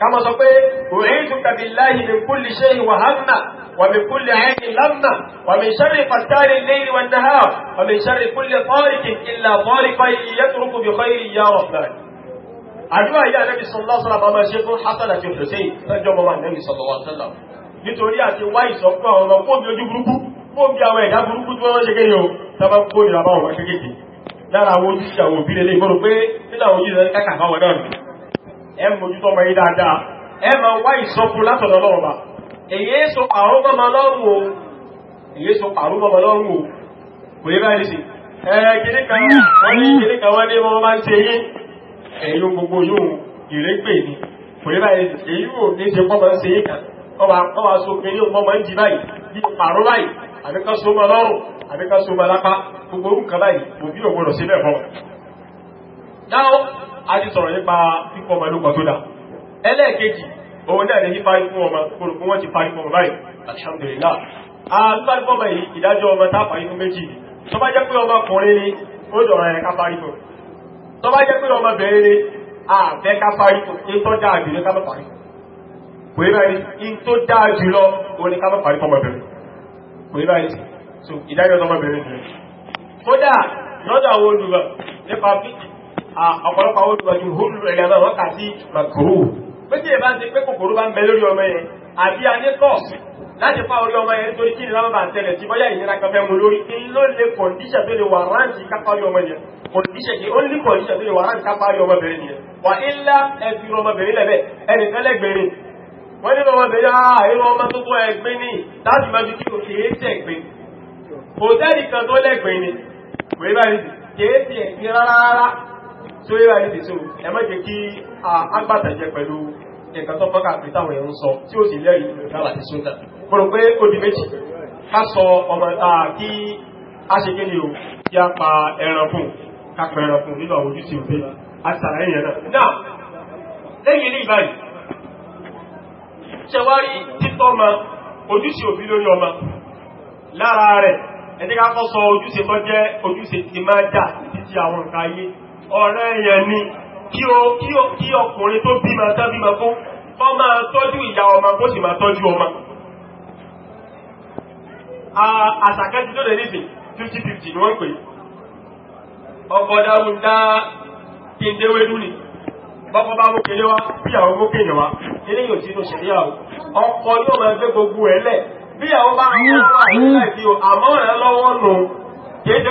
[SPEAKER 3] kama sọ pé òhìn tukàbí láyé mi kú lè ṣe ìwà hàmà wàmí kú lè àyìn lámà wàmí ṣẹ́rì pàtàrí léyìn wọn dáhà wàmí ṣẹ́rì kú lè tọ́rìkì ìlà tọ́rìkọ iye tó rúkú bí kọ́yì ìyá ọ̀fẹ́. àdúrà yìí anábì sọlọ́ sọlá bàbá ṣe fún hasan àti hussein lọ́jọ́ mọ́ anábì sọlọ́ wọn sọlá nítorí àti wá ìsọkú àwọn ọmọ kó bí ojú burúkú kó ẹ mójútó ọmọ yìí dáadáa ẹ máa wá ìsọfún látọ̀dọ̀ èyí sọ àrùn mọ́mọ lọ́rùn o èyí sọ àrùn mọ́mọ lọ́rùn o kò yẹ báyìí sí ẹ kìíní kan wọ́n ní kìíní kan wọ́n ní wọ́n máa ń ṣe yín ẹ̀yìn gbogbo yóò ìrégbè ni kò yẹ báyìí sí èyí ò ní ṣe pọ́mọ ń ṣe yín kan wọ́n wá so kìíní mọ́mọ ń jí báyìí bí àrùn báyìí a ti sọ̀rọ̀ nípa fífún ọmọ lókọ̀ tó dá ẹlẹ́ẹ̀kejì òun náà lè ní parí fún ọmọ kòròkú wọ́n ti parí fún ọmọ báyìí alhamdulillah a parí fún ọmọ yìí ìdájọ́ ọmọ tá parí fún méjì tó bá jẹ́ pé ọmọ ọkùnrin ni ó dọ̀rọ̀ ẹ̀ ká a fẹ́ ká parí fún in tó dáa jùlọ ká má parí fún kò ni ká má parí fún ọmọ bẹ̀rẹ̀ kò yí báyìí so ìdájọ́ ọmọ bẹ̀rẹ̀ ni kódà lọ́dọ̀ àwọn olùgbà nípa fíjì ọ̀pọ̀lọpọ̀ àwọn olùgbọ̀jú húlù ẹ̀gàmà wọ́n kà sí makuru méjì ìbá ti pé kòkòrò bá ń bẹ lórí ọmọ yẹn àbí anẹ́tọ̀ láti fa orí ọmọ yẹn torí kí ni lábàbà tẹ̀lẹ̀ tí bọ́yá ìnira kan fẹ́ mú lórí kí ló lè kọ̀ndíṣà tó lè wà ráǹtì kápá orí ọmọ yẹn kọ̀ndíṣà kí ó ní kọ̀ndíṣà tó lè wà ráǹtì kápá orí ọmọbìnrin yẹn wà ilá ẹbí ọmọbìnrin lẹ́bẹ̀ ẹnìkan lẹ́gbẹ̀rin wọ́n ní ọmọbìnrin àà ah, irú ọmọ tó tó ẹgbẹ́ ní láti máa fi kí o kìí tẹ̀gbẹ́ kò sẹ́nìkan tó lẹ́gbẹ̀rin kò tó yíra ní tètò ẹ má jẹ́ kí agbátàjẹ pẹ̀lú nǹkan tó bọ́kà pé táwọn èèyàn ń sọ tí ó sì lẹ́rìí ìgbàlá ti sóta mo rò pé ó di méjì ká sọ ọmọ kí a ṣe kí ni o kí a pa ẹran fún ká pa ẹran fún nínú àwọn ojúṣe òbí àti sàlàyé yẹn náà lẹ́yìn ní ìbáyìí ṣẹwárí títọ́ ma ojúṣe òbí lórí ọmọ lára rẹ̀ ẹ̀dẹ́ká kọ́ sọ ojúṣe tó jẹ́ ojúṣe ti máa dà títí àwọn nǹkan ayé ọ̀rẹ́ èèyàn ni kí ọkùnrin tó bí máa tábí máa ọ máa tọ́jú ìyá ọmọ kó sì máa tọ́jú ọmọ àṣàkájú tó lè nìsìn 50-50 ni wọ́n pè ọkọ̀ dáhùn dá ni bọ́kọ́ bá mú kéré wá bí àwọn kéré wá yóò ọkọ̀ yóò máa gbé gbogbo ẹ̀ lẹ̀ bí àwọn bá nù kéèké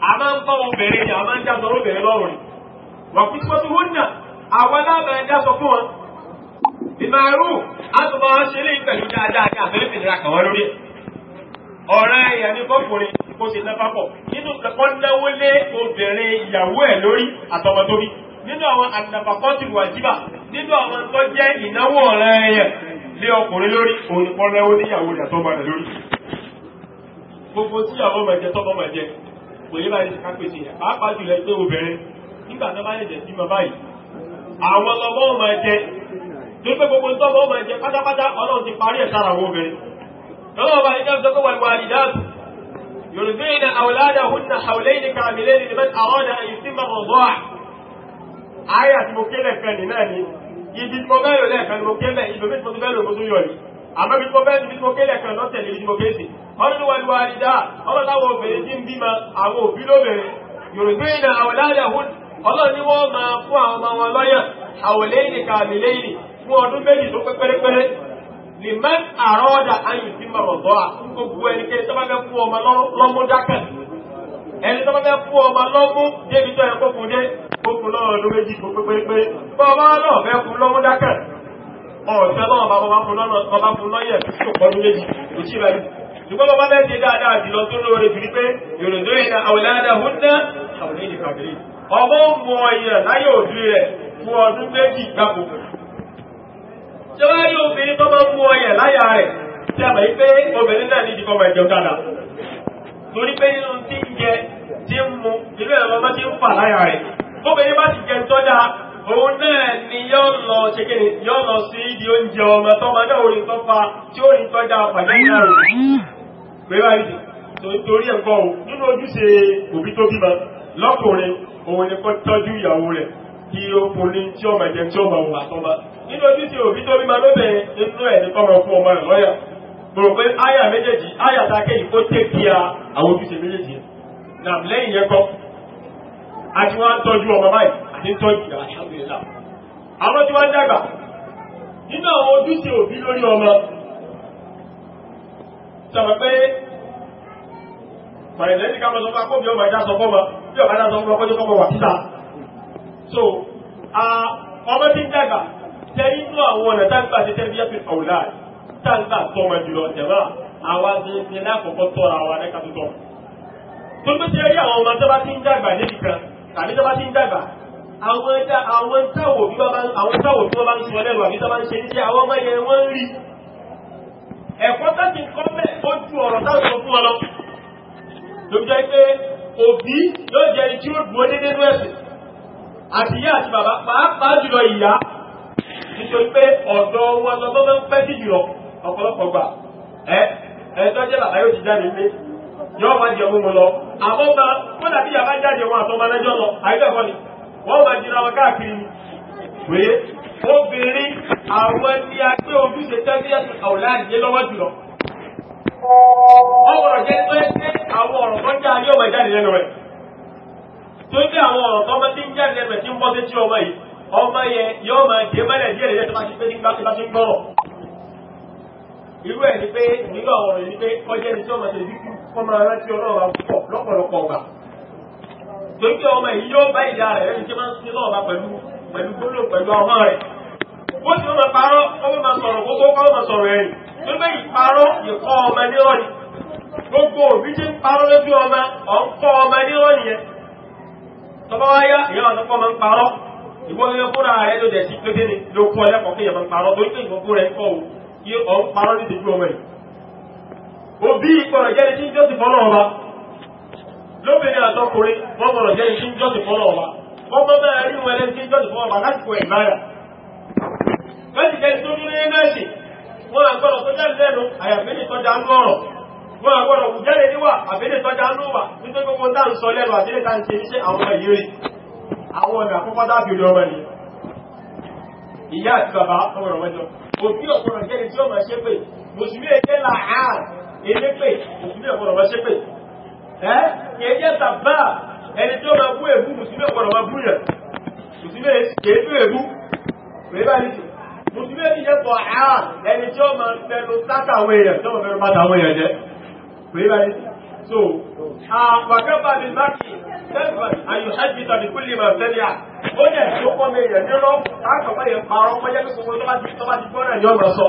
[SPEAKER 3] a máa ń fọ́ obìnrin ni a máa ń jásọ obìnrin lọ́rùn ni wọ́n kú sípọ́tù hún náà àwọn aláàbẹ̀ jásọ fún wọn ìmọ̀rú àtùmọ̀ ṣe lè pẹ̀lú dáadáa ní àfẹ́lẹ́ fìdíra kàn wọ́n lórí ẹ̀ ọ̀rọ̀ ẹ̀yà ní kọkùnrin kó ṣe lápapọ̀ nínú kẹ́kọ́ náwó lé obìnrin ìyàwó ẹ̀ lórí àtọmọ tó bí nínú àwọn àdàpàkọ́ ti wà jíbà nínú àwọn tó jẹ́ ìnáwó ọ̀rọ̀ ẹ̀yà lé ọkùnrin lórí òun kọ́ náwó níyàwó ìyàtọ̀ kò yé báyìí ká pèsè yẹn pàápàá jùlọ pé obìnrin nígbà tó bá lè jẹ bímọ báyìí àwọn lọ́mọ ọmọ ẹ̀jẹ̀ tó pé gbogbo ń tọ́mọ ọmọ ẹ̀jẹ̀ pátápátá ọlọ́run ti parí ẹ̀ sára àwọn obìnrin lọ́wọ́ bá ìjọ sọ pé wàlúwà àdìdáàtù yorùbá ìnà àwòládà húnna àwòlẹ́yìn kàmìlẹ́ ní mẹ́ta àwọn àyè sí mọ̀ ọ̀gọ́ àyè àti mo kélẹ̀ kan ní náà ni ibi tí mo bẹ́ẹ̀ lò lẹ́ẹ̀kan ni mo kélẹ̀ ibi tí mo bẹ́ẹ̀ lò mo tún yọ̀ ni àmọ́ ibi tí mo bẹ́ẹ̀ ibi tí mo kélẹ̀ kan lọ́tẹ̀ lè ibi tí mo kéèsì ọlọ́wọ́lúwà ìdá daa obìnrin tí ń bímọ àwọn òbí lóbìnrin yorùbá ìnà àwọ̀láyàhún ọlọ́ni wọ́n máa fún àwọn ọmọ wọn lọ́yà àwọ̀lẹ́yìn kàmìlẹ́yìn fún ọdún méjì tó pẹ́pẹ́rẹ́pẹ́rẹ́ lè mẹ́ àrọ́ọ̀dà ayù tí mọ̀rọ̀ bọ́ à gbogbo ẹnikẹ́ni tó bá fẹ́ fún ọmọ lọ́mú ẹni tó bá fẹ́ fún ọmọ lọ́mú débi tó ẹ̀kọ́ fún dé gbogbo méjì tó pẹ́pẹ́rẹ́pẹ́rẹ́ bọ́ ọmọ náà fẹ́ fún lọ́mú ọ̀sẹ̀ bá fún lọ́yẹ̀ tó ṣùgbọ́n bàbá bẹ́ẹ̀ ṣe dáadáa jùlọ tó lóore jù ní pé yòròdó ìdá àwòládà húnná àwọn èdè kàbílì ọmọ mọ èèyàn láyé òbí rẹ̀ fún ọdún méjì gbapò ṣé wá rí obìnrin tó máa ń mú ọyàn láyà rẹ̀ tí a mọ̀ yí pé obìnrin náà ní ìdí kọ́mọ òun náà ni yóò lọ ṣeké ni yóò lọ sí ibi oúnjẹ ọmọ tọ́mọ náà orí tó fa tí ó rí tọ́jà pàdé náà rò pé báyìí torí ẹ̀kọ́ o nínú ojúṣe òbí tó bímọ lọ́kùnrin òun ni kó tọ́jú ìyàwó rẹ̀ kí ó fún ní tí ọmọ jẹ tí ọmọ wà tọ́mọ nínú ojúṣe òbí tó bímọ lóbìnrin nínú ẹ̀ ní kọ́mọ fún ọmọ rẹ̀ lọ́yà gbòrò pé áyà méjèèjì áyà tá a kéyìí kó tẹ́ kí a àwọn ojúṣe méjèèjì náà lẹ́yìn yẹn kọ́ àti wọ́n tọ́jú ọmọ báyìí àti tọ́jú alhamdulillah àwọn tí wọ́n dàgbà nínú àwọn ojúṣe òbí lórí ọmọ sọ̀rọ̀ pé pàrẹ̀lẹ́ ní káàmọ́ sọpá kó bí ọmọ ìdá sọpọ́ mọ́ bí ọmọ ìdá sọpọ́ kọjú kọpọ̀ wà títà so ọmọ tí ń dàgbà tẹ inú àwọn ọ̀nà táǹgbà ti tẹ́ bí ẹ́pì ọ̀lá táǹgbà tọ́mọ jùlọ jẹ̀má àwa ti ní lákòókò tọ́ra wa lẹ́ka tó tọ́ tó tó ti rí àwọn ọmọ tó bá ti ń dàgbà níbi kan tàbí tó bá ti ń dàgbà àwọn táwò bí wọ́n bá ń sọ lẹ́rù àbí tó bá ń ṣe níṣẹ́ àwọn ọmọ yẹn wọ́n ń rí ẹ̀kọ́ tàbí kọ́mẹ̀ tó ju ọ̀rọ̀ táwọn sọ fún ọ lọ ló jẹ́ pé òbí yóò jẹ́ tí ó dúró dédé ní ẹ̀sìn àti ìyá àti bàbá pàápàá jùlọ ìyá nítorí pé ọ̀dọ̀ wọn lọ bọ́ bẹ́ pẹ́ jùlọ ọ̀pọ̀lọpọ̀ gbà ẹ ẹ tó jẹ́ bàbá yóò ti jáde nílé yọ́ máa jẹ ọmọ lọ àmọ́ ma wọ́n dàbí yàrá jáde wọn àtọ́ malẹ́jọ́ lọ àìdẹ́kọ́ ni wọ́n máa jìnnà wọn káàkiri ni pé obìnrin àwọn tí a gbé ojúṣe tẹ́lifíṣẹ́ ọ̀làdìyẹ lọ́wọ́ jùlọ.
[SPEAKER 1] ọ̀rọ̀ jẹ́ pé àwọn ọ̀rọ̀ kan já yóò máa
[SPEAKER 3] jáde lẹ́nu rẹ̀ tó dé àwọn ọ̀rọ̀ kan tí ń jáde lẹ́nu rẹ̀ tí ń bọ́ sí tí ọmọ yìí ọmọ yẹn yóò máa jẹ mẹ́lẹ̀ díẹ̀ lẹ́yìn tó bá ti pé nígbà tó bá ti ń gbọ́rọ̀ irú ẹ̀ ni pé nígbà ọ̀rọ̀ yìí ni pé ọjọ́ ẹni tí ọmọ ṣe dínkù kọ́ máa rántí ọlọ́run wa púpọ̀ lọ́pọ̀lọpọ̀ ọ̀gbà torí pé ọmọ yìí yóò bá ìyá rẹ̀ lẹ́yìn tí máa ń sin náà pẹ̀lú pẹ̀lú gbólóhùn pẹ̀lú ọmọ rẹ̀ ó sì máa parọ́ ó máa sọ̀rọ̀ gbogbo ó máa sọ̀rọ̀ ẹ̀yìn torí pé ìparọ́ ìkọ́ ọmọ nírọ̀ ni gbogbo òbí tí ń parọ́ lójú ọmọ ọ̀nkọ́ ń kọ́ ẹlẹ́kọ̀ọ́ kéèyàn máa ń parọ́ torí pé ìwọ fúnra ẹ̀ òbí ìpọ̀rọ̀ jẹ́ni tí ń jọ́sìn fọ́nà ọba lóbìnrin àtọkùnrin wọ́n gbọ́dọ̀ jẹ́ni tí ń jọ́sìn fọ́nà ọba wọ́n gbọ́ bẹ́ẹ̀ rí wọn ẹlẹ́ni tí ń jọ́sìn fọ́nà ọba lásìkò ìmáyà wọ́n ti jẹ́ni tó ní ní mẹ́sì wọ́n àgbọ̀dọ̀ tó jáde lẹ́nu àyàfi ní ìtọ́jà ń lọ́rọ̀ wọ́n àgbọ̀dọ̀ kù jáde níwà àbí ní ìtọ́jà ń lọ́wà nítorí gbogbo tá à ń sọ lẹ́nu àti níta ń ṣe iṣẹ́ àwọn ìyírí àwọn ọ̀nà àkọ́kọ́ dábì lọ wọn ni ìyá àti bàbá ọmọ ọ̀rọ̀ wọn jọ òbí ọ̀pọ̀rọ̀ jẹ́ni tí ó máa ṣe pé mùsùlùmí ẹ̀jẹ̀ là áà kéde pé mùsùlùmí ọ̀gbọ̀nà wá ṣépè ẹ́ kéde tàbá ẹni tó máa bú èbú mùsùlùmí ọ̀gbọ̀nà wá bú yẹn mùsùlùmí kéde èbú pẹ̀lú bá nìsí mùsùlùmí ẹni jẹ́ tọ̀ á ẹni tó máa fẹnu sákàwé yẹn tó máa fẹnu pátàwé yẹn jẹ́ pẹ̀lú bá so àpàkẹ́bà ní láti sẹ́fà àyùhájìta ní kúlì máa tẹ́lẹ̀ à ó yẹ tó kọ́ mi yẹn nínú àkọ́kọ́ yẹn parọ́ mọ́jẹ́ tó sọ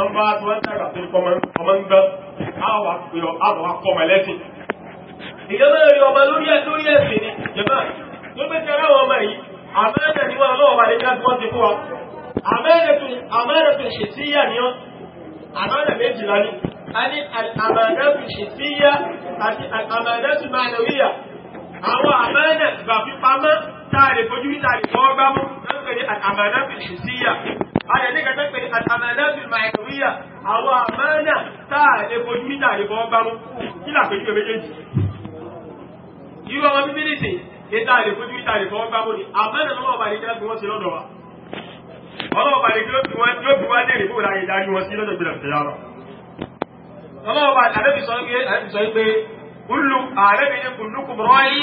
[SPEAKER 3] tọ́gbà tí wọ́n dàgbà tó ọmọ ń gbọ́ àwọn akọ̀mọ̀ ẹlẹ́sìn. ìjọba lórí ọmọ lórí ẹ̀sìn ni jẹ̀mọ́ ló gbé tẹ́ra àwọn ọmọ yìí àmẹ́rẹ̀ ni wọ́n lọ́wọ́ balẹ̀ ká gbọ́ ti fún wa àmẹ́rẹ̀ tó ṣe sí yà ni wọ́n àmẹ́rẹ̀ méjìlá ni a ní àmẹ́rẹ̀ tó ṣe sí yà àti àmẹ́rẹ̀ tó máa lọ táàlè fojú rí táàlè fọwọ́ gbá mú lọ́pẹ̀ ní àmàlẹ́bìlì ìsíyà adẹ ní kẹta pẹ̀lú àmàlẹ́bìlì màìkúríyà àwọn àmàlẹ́ táàlè fojú rí táàlè fọwọ́ gbá mú kí làpẹjú ẹ méjèèjì irú ọmọ bíbélì sí ní táàlè fojú rí táàlè fọwọ́ gbá mú ni àmàlẹ́ lọ́wọ́ bá ní kí wọ́n ti lọ́dọ̀ wa ọlọ́wọ́ bá ní kí ló fi wá dé ìrìbó láyé dájú wọn sí lọ́dọ̀ gbìyànjú yàrá ọlọ́wọ́ bá àdẹ́bì sọ pé àdẹ́bì sọ pé kúlù àdẹ́bì ní kùlùkùn rọ́ọ̀yì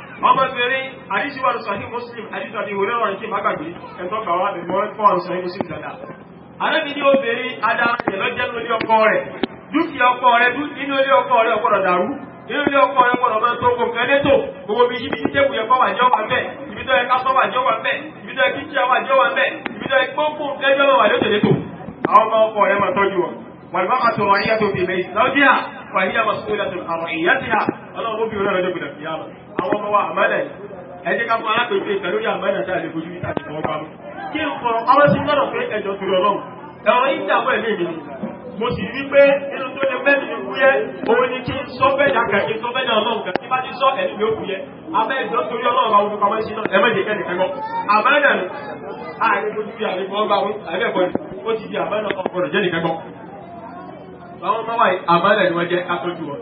[SPEAKER 3] ọmọbìnrin àdíṣíwájú sahih muslim àdíṣíwájú àti ìwòrán ọ̀rìn kí ìbágbàgbé ẹ̀tọ́ gbàwá ẹ̀mọ́ fọ́ọ̀n sahih muslim dáadáa arábìn ní obìnrin adára lọ́jẹ́ lórí ọkọ rẹ̀ dúkìá ọkọ rẹ̀ nínú ilé ọkọ rẹ̀ ọgbọ́dọ̀ dàrú nínú ilé ọkọ rẹ̀ ọgbọ́dọ̀ máa tó gbogbo nǹkan létò gbogbo bí ibi tẹ́kù yẹ kọ́wà jọ́ wà mẹ́ ibi tó yẹ ká sọ́wà jọ́ wà mẹ́ ibi tó yẹ kí tíyà wà jọ́ wà mẹ́ ibi tó yẹ gbogbo nǹkan jọ́ wà létò létò àwọn ọmọ ọkọ rẹ̀ máa tọ́jú wọn والمرأة رعية في بيت الله ربي ولا رجل من القيامة àwọn ọmọ wa àmọ́lẹ̀ ẹ jẹ́ ká fún alápèjì ìfẹ́ lórí àmọ́lẹ̀ tá a lè fojú ní tàbí fọwọ́ pamọ́ kí n kọ ọwọ́ sí lọ́dọ̀ pé ẹjọ́ torí ọlọ́run ẹ̀rọ yìí dàbọ̀ ẹ̀mí mi mo sì rí pé inú tó lè fẹ́ mi ní wúyẹ́ òun ni kí n sọ bẹ́ẹ̀dà kàkí sọ bẹ́ẹ̀dà ọlọ́run kàkí bá ti sọ ẹ̀mí mi ó kú yẹ abẹ́ ẹjọ́ torí ọlọ́run àwọn olùkọ́ máa ń ṣe náà ẹ̀mọ́ ìdíkẹ́ nìkan gbọ́ àbẹ́ẹ̀dà ni àárín ojú bí àrífọ́ ọgbà àbẹ́ẹ̀kọ́ ni ó ti di àbẹ́ẹ̀dà ọgbọ̀rọ̀ jẹ́ nìkan gbọ́ àwọn ọmọ wa àbẹ́ẹ̀dà ni wọ́n jẹ́ aṣojú wọn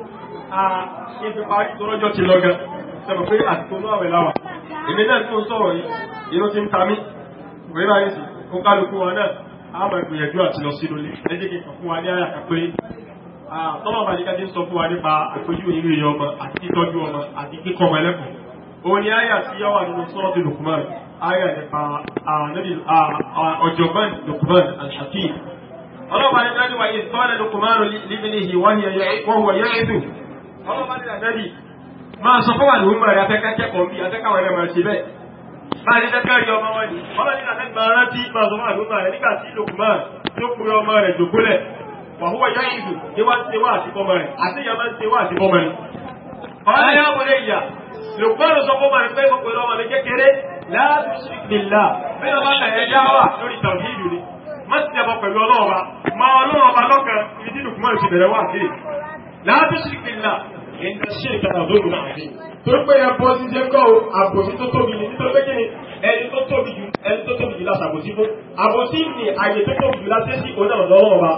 [SPEAKER 3] sẹ́wọ̀n pé àtìkò náà rẹ̀ láwà èmi náà tó ń sọ̀rọ̀ yìí inú ti ń ta mí wèé bá yìí sí kó kálukú wọn náà a máa gbìyànjú àti lọ sínú ilé ẹjẹ́ kí n kàn fún wa ní àyà kan pé tọ́lọ̀ bá nígbà tí ń sọ fún wa nípa àpéjúwe irú èèyàn ọmọ àti títọ́jú ọmọ àti kíkọ́ ọmọ ẹlẹ́kùn òun ni àyà tí yáwà nínú sọ́ọ̀tì Lukman àyà nípa ọ̀jọ̀gbọ́n Lukman al-Hakim ọlọ́pàá ní dájú wa ìsọ́ọ̀lẹ̀ Lukman líbi ní ìwọ́n yẹ máa sọ fọwọ́ àlùmọ́ rẹ̀ afẹ́kẹ́kẹ́kọ̀ọ́ bí afẹ́kàwọn rẹ̀ máa ṣe bẹ́ẹ̀. bá a ti fẹ́ kárí ọmọ wọn ni ọmọ nígbà tẹ́ máa rántí máa sọ fún àlùmọ́ rẹ̀ nígbà tí Lukman tó kúrẹ́ ọmọ rẹ̀ jòkólẹ̀ wàhúwà yá ìlú ni wá ṣe wá àti fọmọ rẹ̀ àti ìyá máa ń ṣe wá àti fọmọ rẹ̀. ọ̀rẹ́ yà wọlé ìyà Lukman sọ fọmọ rẹ̀ pé gbogbo ọmọ ni má ti dẹ̀bọ̀ pẹ̀lú ọlọ́ọ̀ba máa ọlọ́ọ̀ba lọ́kàn ibi tí Lukman ẹ̀ńtà ṣe ìtara lóru náà rí. torí pé ẹbọ ti jẹ́ kọ́ o àbòsí tó tóbi ni nítorí pé kíni ẹni tó tóbi jù ẹni tó tóbi jù láti àbòsí fún. àbòsí ni àyè tó tóbi jù láti sí onáà lọ́wọ́ ọba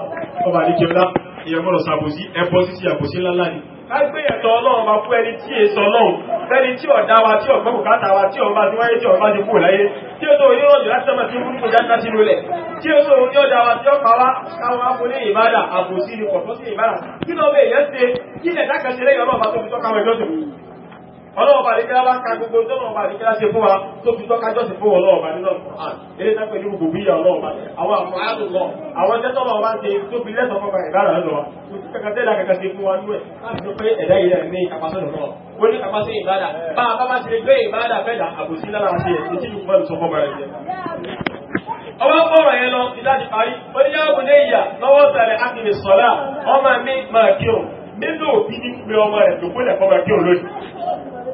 [SPEAKER 3] ọba àdìjẹ́ ńlá ìyẹn mọ́rọ̀ sàbòsí ẹbọ sísí àbòsí ńlá ńlá ni kágbéyẹ̀tọ̀ ọlọ́run ma fún ẹni tí èso ọlọ́run fẹ́ni tí ọ̀dá wa tí ọ̀gbẹ́ bùkátà wa tí ọba tí wáyé tí ọba ti kú láyé tí ó tó orí rọ̀jù láti sọ́mọ̀ tí ó kú jáde sínú ilẹ̀ tí ó tó orí ọjà wa tí ó pa wá káwọn afúnlé ìbádà àbòsí ni pọ̀ fún sí ìbádà kí lọ́wọ́ èèyàn ṣe kí lẹ̀ ọlọ́ọ̀bà ní kíláwà ká gbogbo ọlọ́ọ̀bà ní kíláṣe fún wa tó fi tọ́ka jọ́sìn fún ọlọ́ọ̀bà nínú ọ̀hán eré tẹ́pẹ̀ ní gbogbo ìyá ọlọ́ọ̀bà àwọn àfọ̀hádùn lọ àwọn ẹjẹ́ tọ́lọ́ọ̀bà ń ṣe tó fi lẹ́sọ̀ fún ìbára lọ kẹkẹtẹ́lá kẹkẹtẹ́ fún wa níwẹ̀ láti pé ẹ̀dá ilẹ̀ ní ìkàpásọ̀nù náà ó ní ìkàpásọ̀ ìbára bá a bá máa ṣe gbé ìbára fẹ́dà àbòsí lára ṣe èyí tí yóò fẹ́ràn sọ fọ́mọ rẹ̀ jẹ. ọwọ́ pọ̀rọ̀ yẹn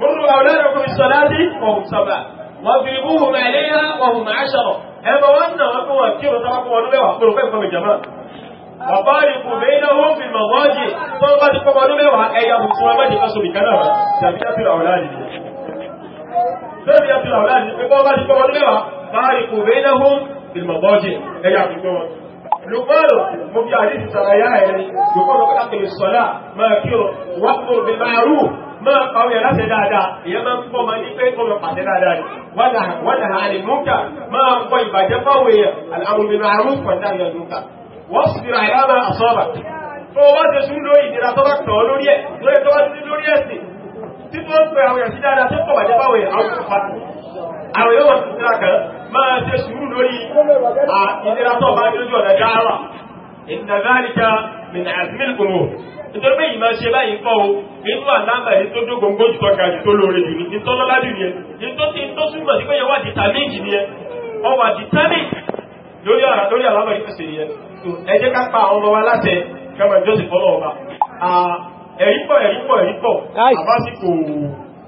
[SPEAKER 3] مروا أولادكم بالصلاة وهم سبعة وضربوهم عليها وهم عشرة هذا وأنا وأنا وأكيد وتركوا وأنا وأحضروا بينكم الجماعة وفارقوا بينهم في المضاجع ثم قد قبلوا بينهم أيام ما تقصوا بكلامة تبيئة الأولاد تبيئة الأولاد ثم قد قبلوا بينهم فارقوا بينهم في المضاجع أيام سوامات لقالوا مبيعين سرايا يعني يقولوا أقل الصلاة ما يكيروا واقبر بالمعروف máa pàwọn yàrá tẹ dáadáa èyàn máa ń kọ́ ma ní pé kọ́ ma pàtẹ dáadáa ni wọ́n dà hàn mọ́kà máa ń kọ́ ìbàjẹ́ fáwọn èèyàn aláwọn obìnrin àrùn pàtẹ àyàdùn ká wọ́n sì ra ìlànà àsọ́ọ̀bà tó wá ti sún lórí ìnira tó bá tọ̀ lórí ẹ̀ lórí tó bá lórí ẹ̀sìn sí nítorí pé ìmọ̀ ṣe báyìí kọ́ o nínú àlámà èyí tó dógóngó jù tọ́ka jù tó lóore jù ní tó lọ́lá jù nìyẹn ní tó ti tó súnmọ̀ sí pé yẹn wà determined nìyẹn wọ́n wà determined lórí ọ̀rọ̀ lórí àlámà èyí tó ṣe nìyẹn ẹ jẹ́ ká pa àwọn ọmọ wa láṣẹ kẹmọ ìjọsìn fọlọ́ ọba ẹ̀rí pọ̀ ẹ̀rí pọ̀ ẹ̀rí pọ̀ àbásìkò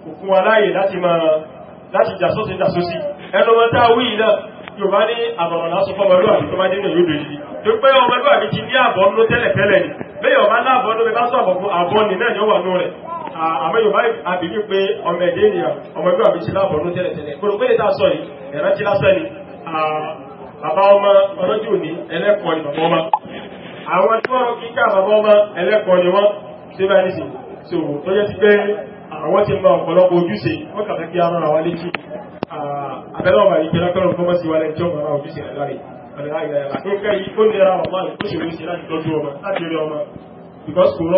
[SPEAKER 3] òkun wa láàyè láti máa láti jà sósì jà sósì ẹnu wọn tá a wí yìí náà Yorùbá ní àbọ̀rọ̀ lásán fọmọlúwà tó má dínà yóò dòjì tó pé ọmọlúwàbí ti ní àbọ̀ ló tẹ́lẹ̀ tẹ́lẹ̀ ni bẹ́ẹ̀ ọba láàbọ̀ ló bẹ bá sọ àbọ̀ àbọ̀ ni náà yóò wà nú rẹ̀ àmọ́ yorùbá àbìlí pé ọmọ ẹ̀dẹ́ ènìyàn ọmọlúwàbí ti láàbọ̀ ló tẹ́lẹ̀ tẹ́lẹ̀ kúrò pé ìta sọ yìí ẹ̀rọ ti lásán ni bàbá ọmọ ọlọ́jì òní ẹlẹ́kọ̀ọ́ ni bàbá ọmọ àwọn tí wọ́n kíkà bàbá ọmọ ẹlẹ́kọ̀ọ́ ni wọ́n ṣe bá nìsín so tó jẹ́ ti pé àwọn ti mọ ọ̀pọ̀lọpọ̀ ojúṣe wọ́n kàfẹ́ kí a rán àwọn létí àbẹ́lọ́wà ìkẹ́lẹ́kọ̀ọ́ fọ́mọ́sí wa lẹ́jọ́ mọ́ra ojúṣe rẹ̀ láre àkókẹ́ yìí ó nira ọmọ ìkóṣèlú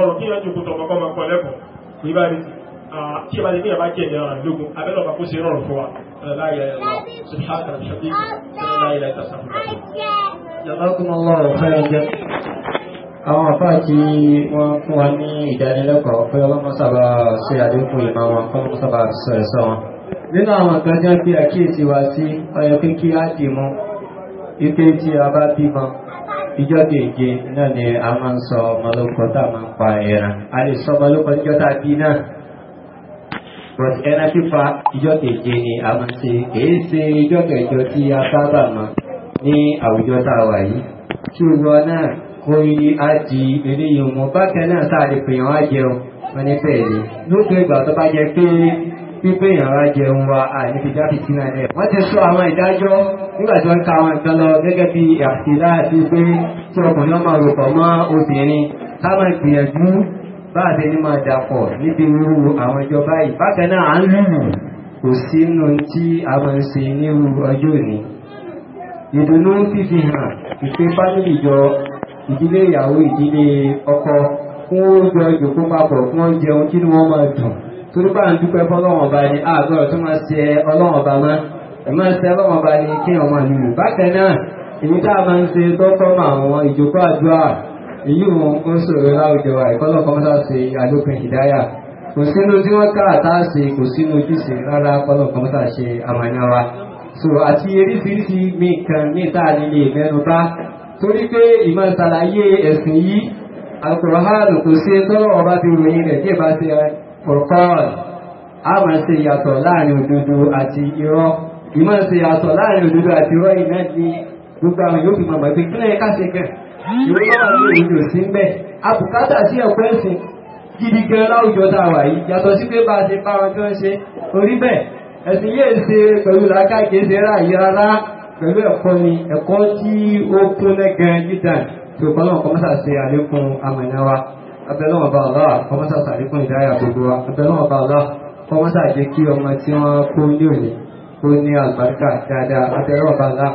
[SPEAKER 2] àwọn àfá tí wọ́n fún wa ní ìdánilẹ́kọ̀ọ́ pé ọlọ́mọ sábà ṣe àdínkù ìmọ̀ wọn fún sábà sọ̀rọ̀ sọ wọn nínú àwọn kan jẹ́ pé àkíyèsí wa sí ọyọ̀ pé á dì wípé tí a bá bímọ ìjọ keje náà ni a máa ń sọ ọmọlókọ tá a máa ń pa ẹran a lè sọ ọmọlókọ níjọ́ tá bí náà but ẹran fífa ìjọ keje ni a máa ń ṣe kìí ṣe ìjọ kẹjọ tí a sábà mọ ní àwùjọ tá wà yìí ṣùgbọ́n náà kò yí á di eléyìí mọ bákan náà tá a lè pè wọ́n á jẹun wọn ní bẹ́ẹ̀ lókè ìgbà tó bá jẹ pé pípé ìyàrá jẹun wa àìníbi jáde sí náà ẹ̀. wọ́n ti sọ àwọn ìdájọ́ nígbà tí wọ́n ń ka àwọn ìtàn lọ gẹ́gẹ́ bí àṣìlá àti pé tí ọkùnrin ọmọ rògbọ̀ mọ́ obìnrin ká máa gbìyànjú bá àti ní máa dàpọ̀ níbi irú àwọn ẹjọ́ báyìí. bákan náà à ń lùlù kò sí nù tí a máa ń ṣe nírú ọjọ́ òní. ìdùnnú fífi hàn ìpè fámìlì jọ ìdílé ìyàwó ìdílé ọkọ fún ó ìjòkó papọ̀ fún oúnjẹ ohun tí wọ́n máa dùn torí bá ń dúpẹ́ fọlọ́wọ́n ọba ni àgọ́rọ̀ tó máa ṣe ọlọ́wọ́n ọba mọ́ ẹ̀mọ́ ṣe ọlọ́wọ́n ọba ni kí ọmọ mi rù bákan náà èmi tá a máa ń ṣe dọ́kọ́mọ àwọn ìjókòó àdúrà èyí wọn ń sọ̀rọ̀ láwùjọ wa ìkọ́lọ́kọ́ máa ṣe àdókùn ìdáyà kò sínú tí wọ́n ká àtàṣe kò sínú ojúṣe rárá kọ́lọ́kọ́ máa ṣe àmàna wa so àti eríṣiríṣi mi kan ní ìta nílé mẹ́nubà torí pé ìmọ̀ ṣàlàyé ẹ̀sìn yìí Al-Qur'an kò ṣe ọ̀kọ́ọ̀lù àmọ́ ṣe yàtọ̀ láàrin òdodo àti irọ́ ìmọ̀ ṣe yàtọ̀ láàrin òdodo àti irọ́ iná ní gbogbo àwọn yóò fi mọ̀mọ́ pé kí lẹ́yìn káṣe kàn ìwé lọ́wọ́ ní òdodo sí ń bẹ̀ àbùkátà sí ẹ̀kọ́ ẹ̀sìn gidi gan láwùjọ tá a wà yìí yàtọ̀ sí pé bá a ṣe bá tó ń ṣe orí bẹ́ẹ̀ ẹ̀sìn yéé ṣe pẹ̀lú làákàkì ṣe rà yí rárá pẹ̀lú ẹ̀kọ́ ni ẹ̀kọ́ tí ó kún lẹ́gàn yídàn tó kọ́ lọ́nkọ́ mọ́sà abẹ́lọ́wọ̀n bá Allah kọmọ́sà sàríkún ìdáyà gbogbo wa abẹ́lọ́wọ̀n bá Allah kọmọ́sà jẹ́ kí ọmọ tí wọ́n kó ní òní kó ní àlùbáríkà dáadáa abẹ́lọ́wọ̀n bá Allah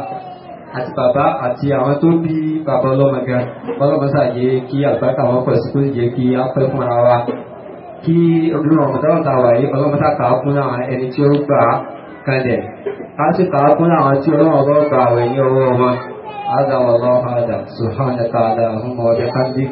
[SPEAKER 2] àti bàbá àti àwọn tó bí bàbá ọlọ́mọga ọlọ́mọsà jẹ́ kí àlùbáríkà wọn pọ̀ sí kó jẹ́ kí á pẹ́ fún ara wa kí olùrọ̀ ọ̀mọ̀tọ́lọ́ta wà yìí ọlọ́mọsà kà á fún àwọn ẹni tí ó gbà á kalẹ̀ á sì kà á fún àwọn tí ọlọ́run ọlọ́gbà àwẹ̀ ní ọwọ́ wọn. هذا والله هذا سبحانك اللهم وبحمدك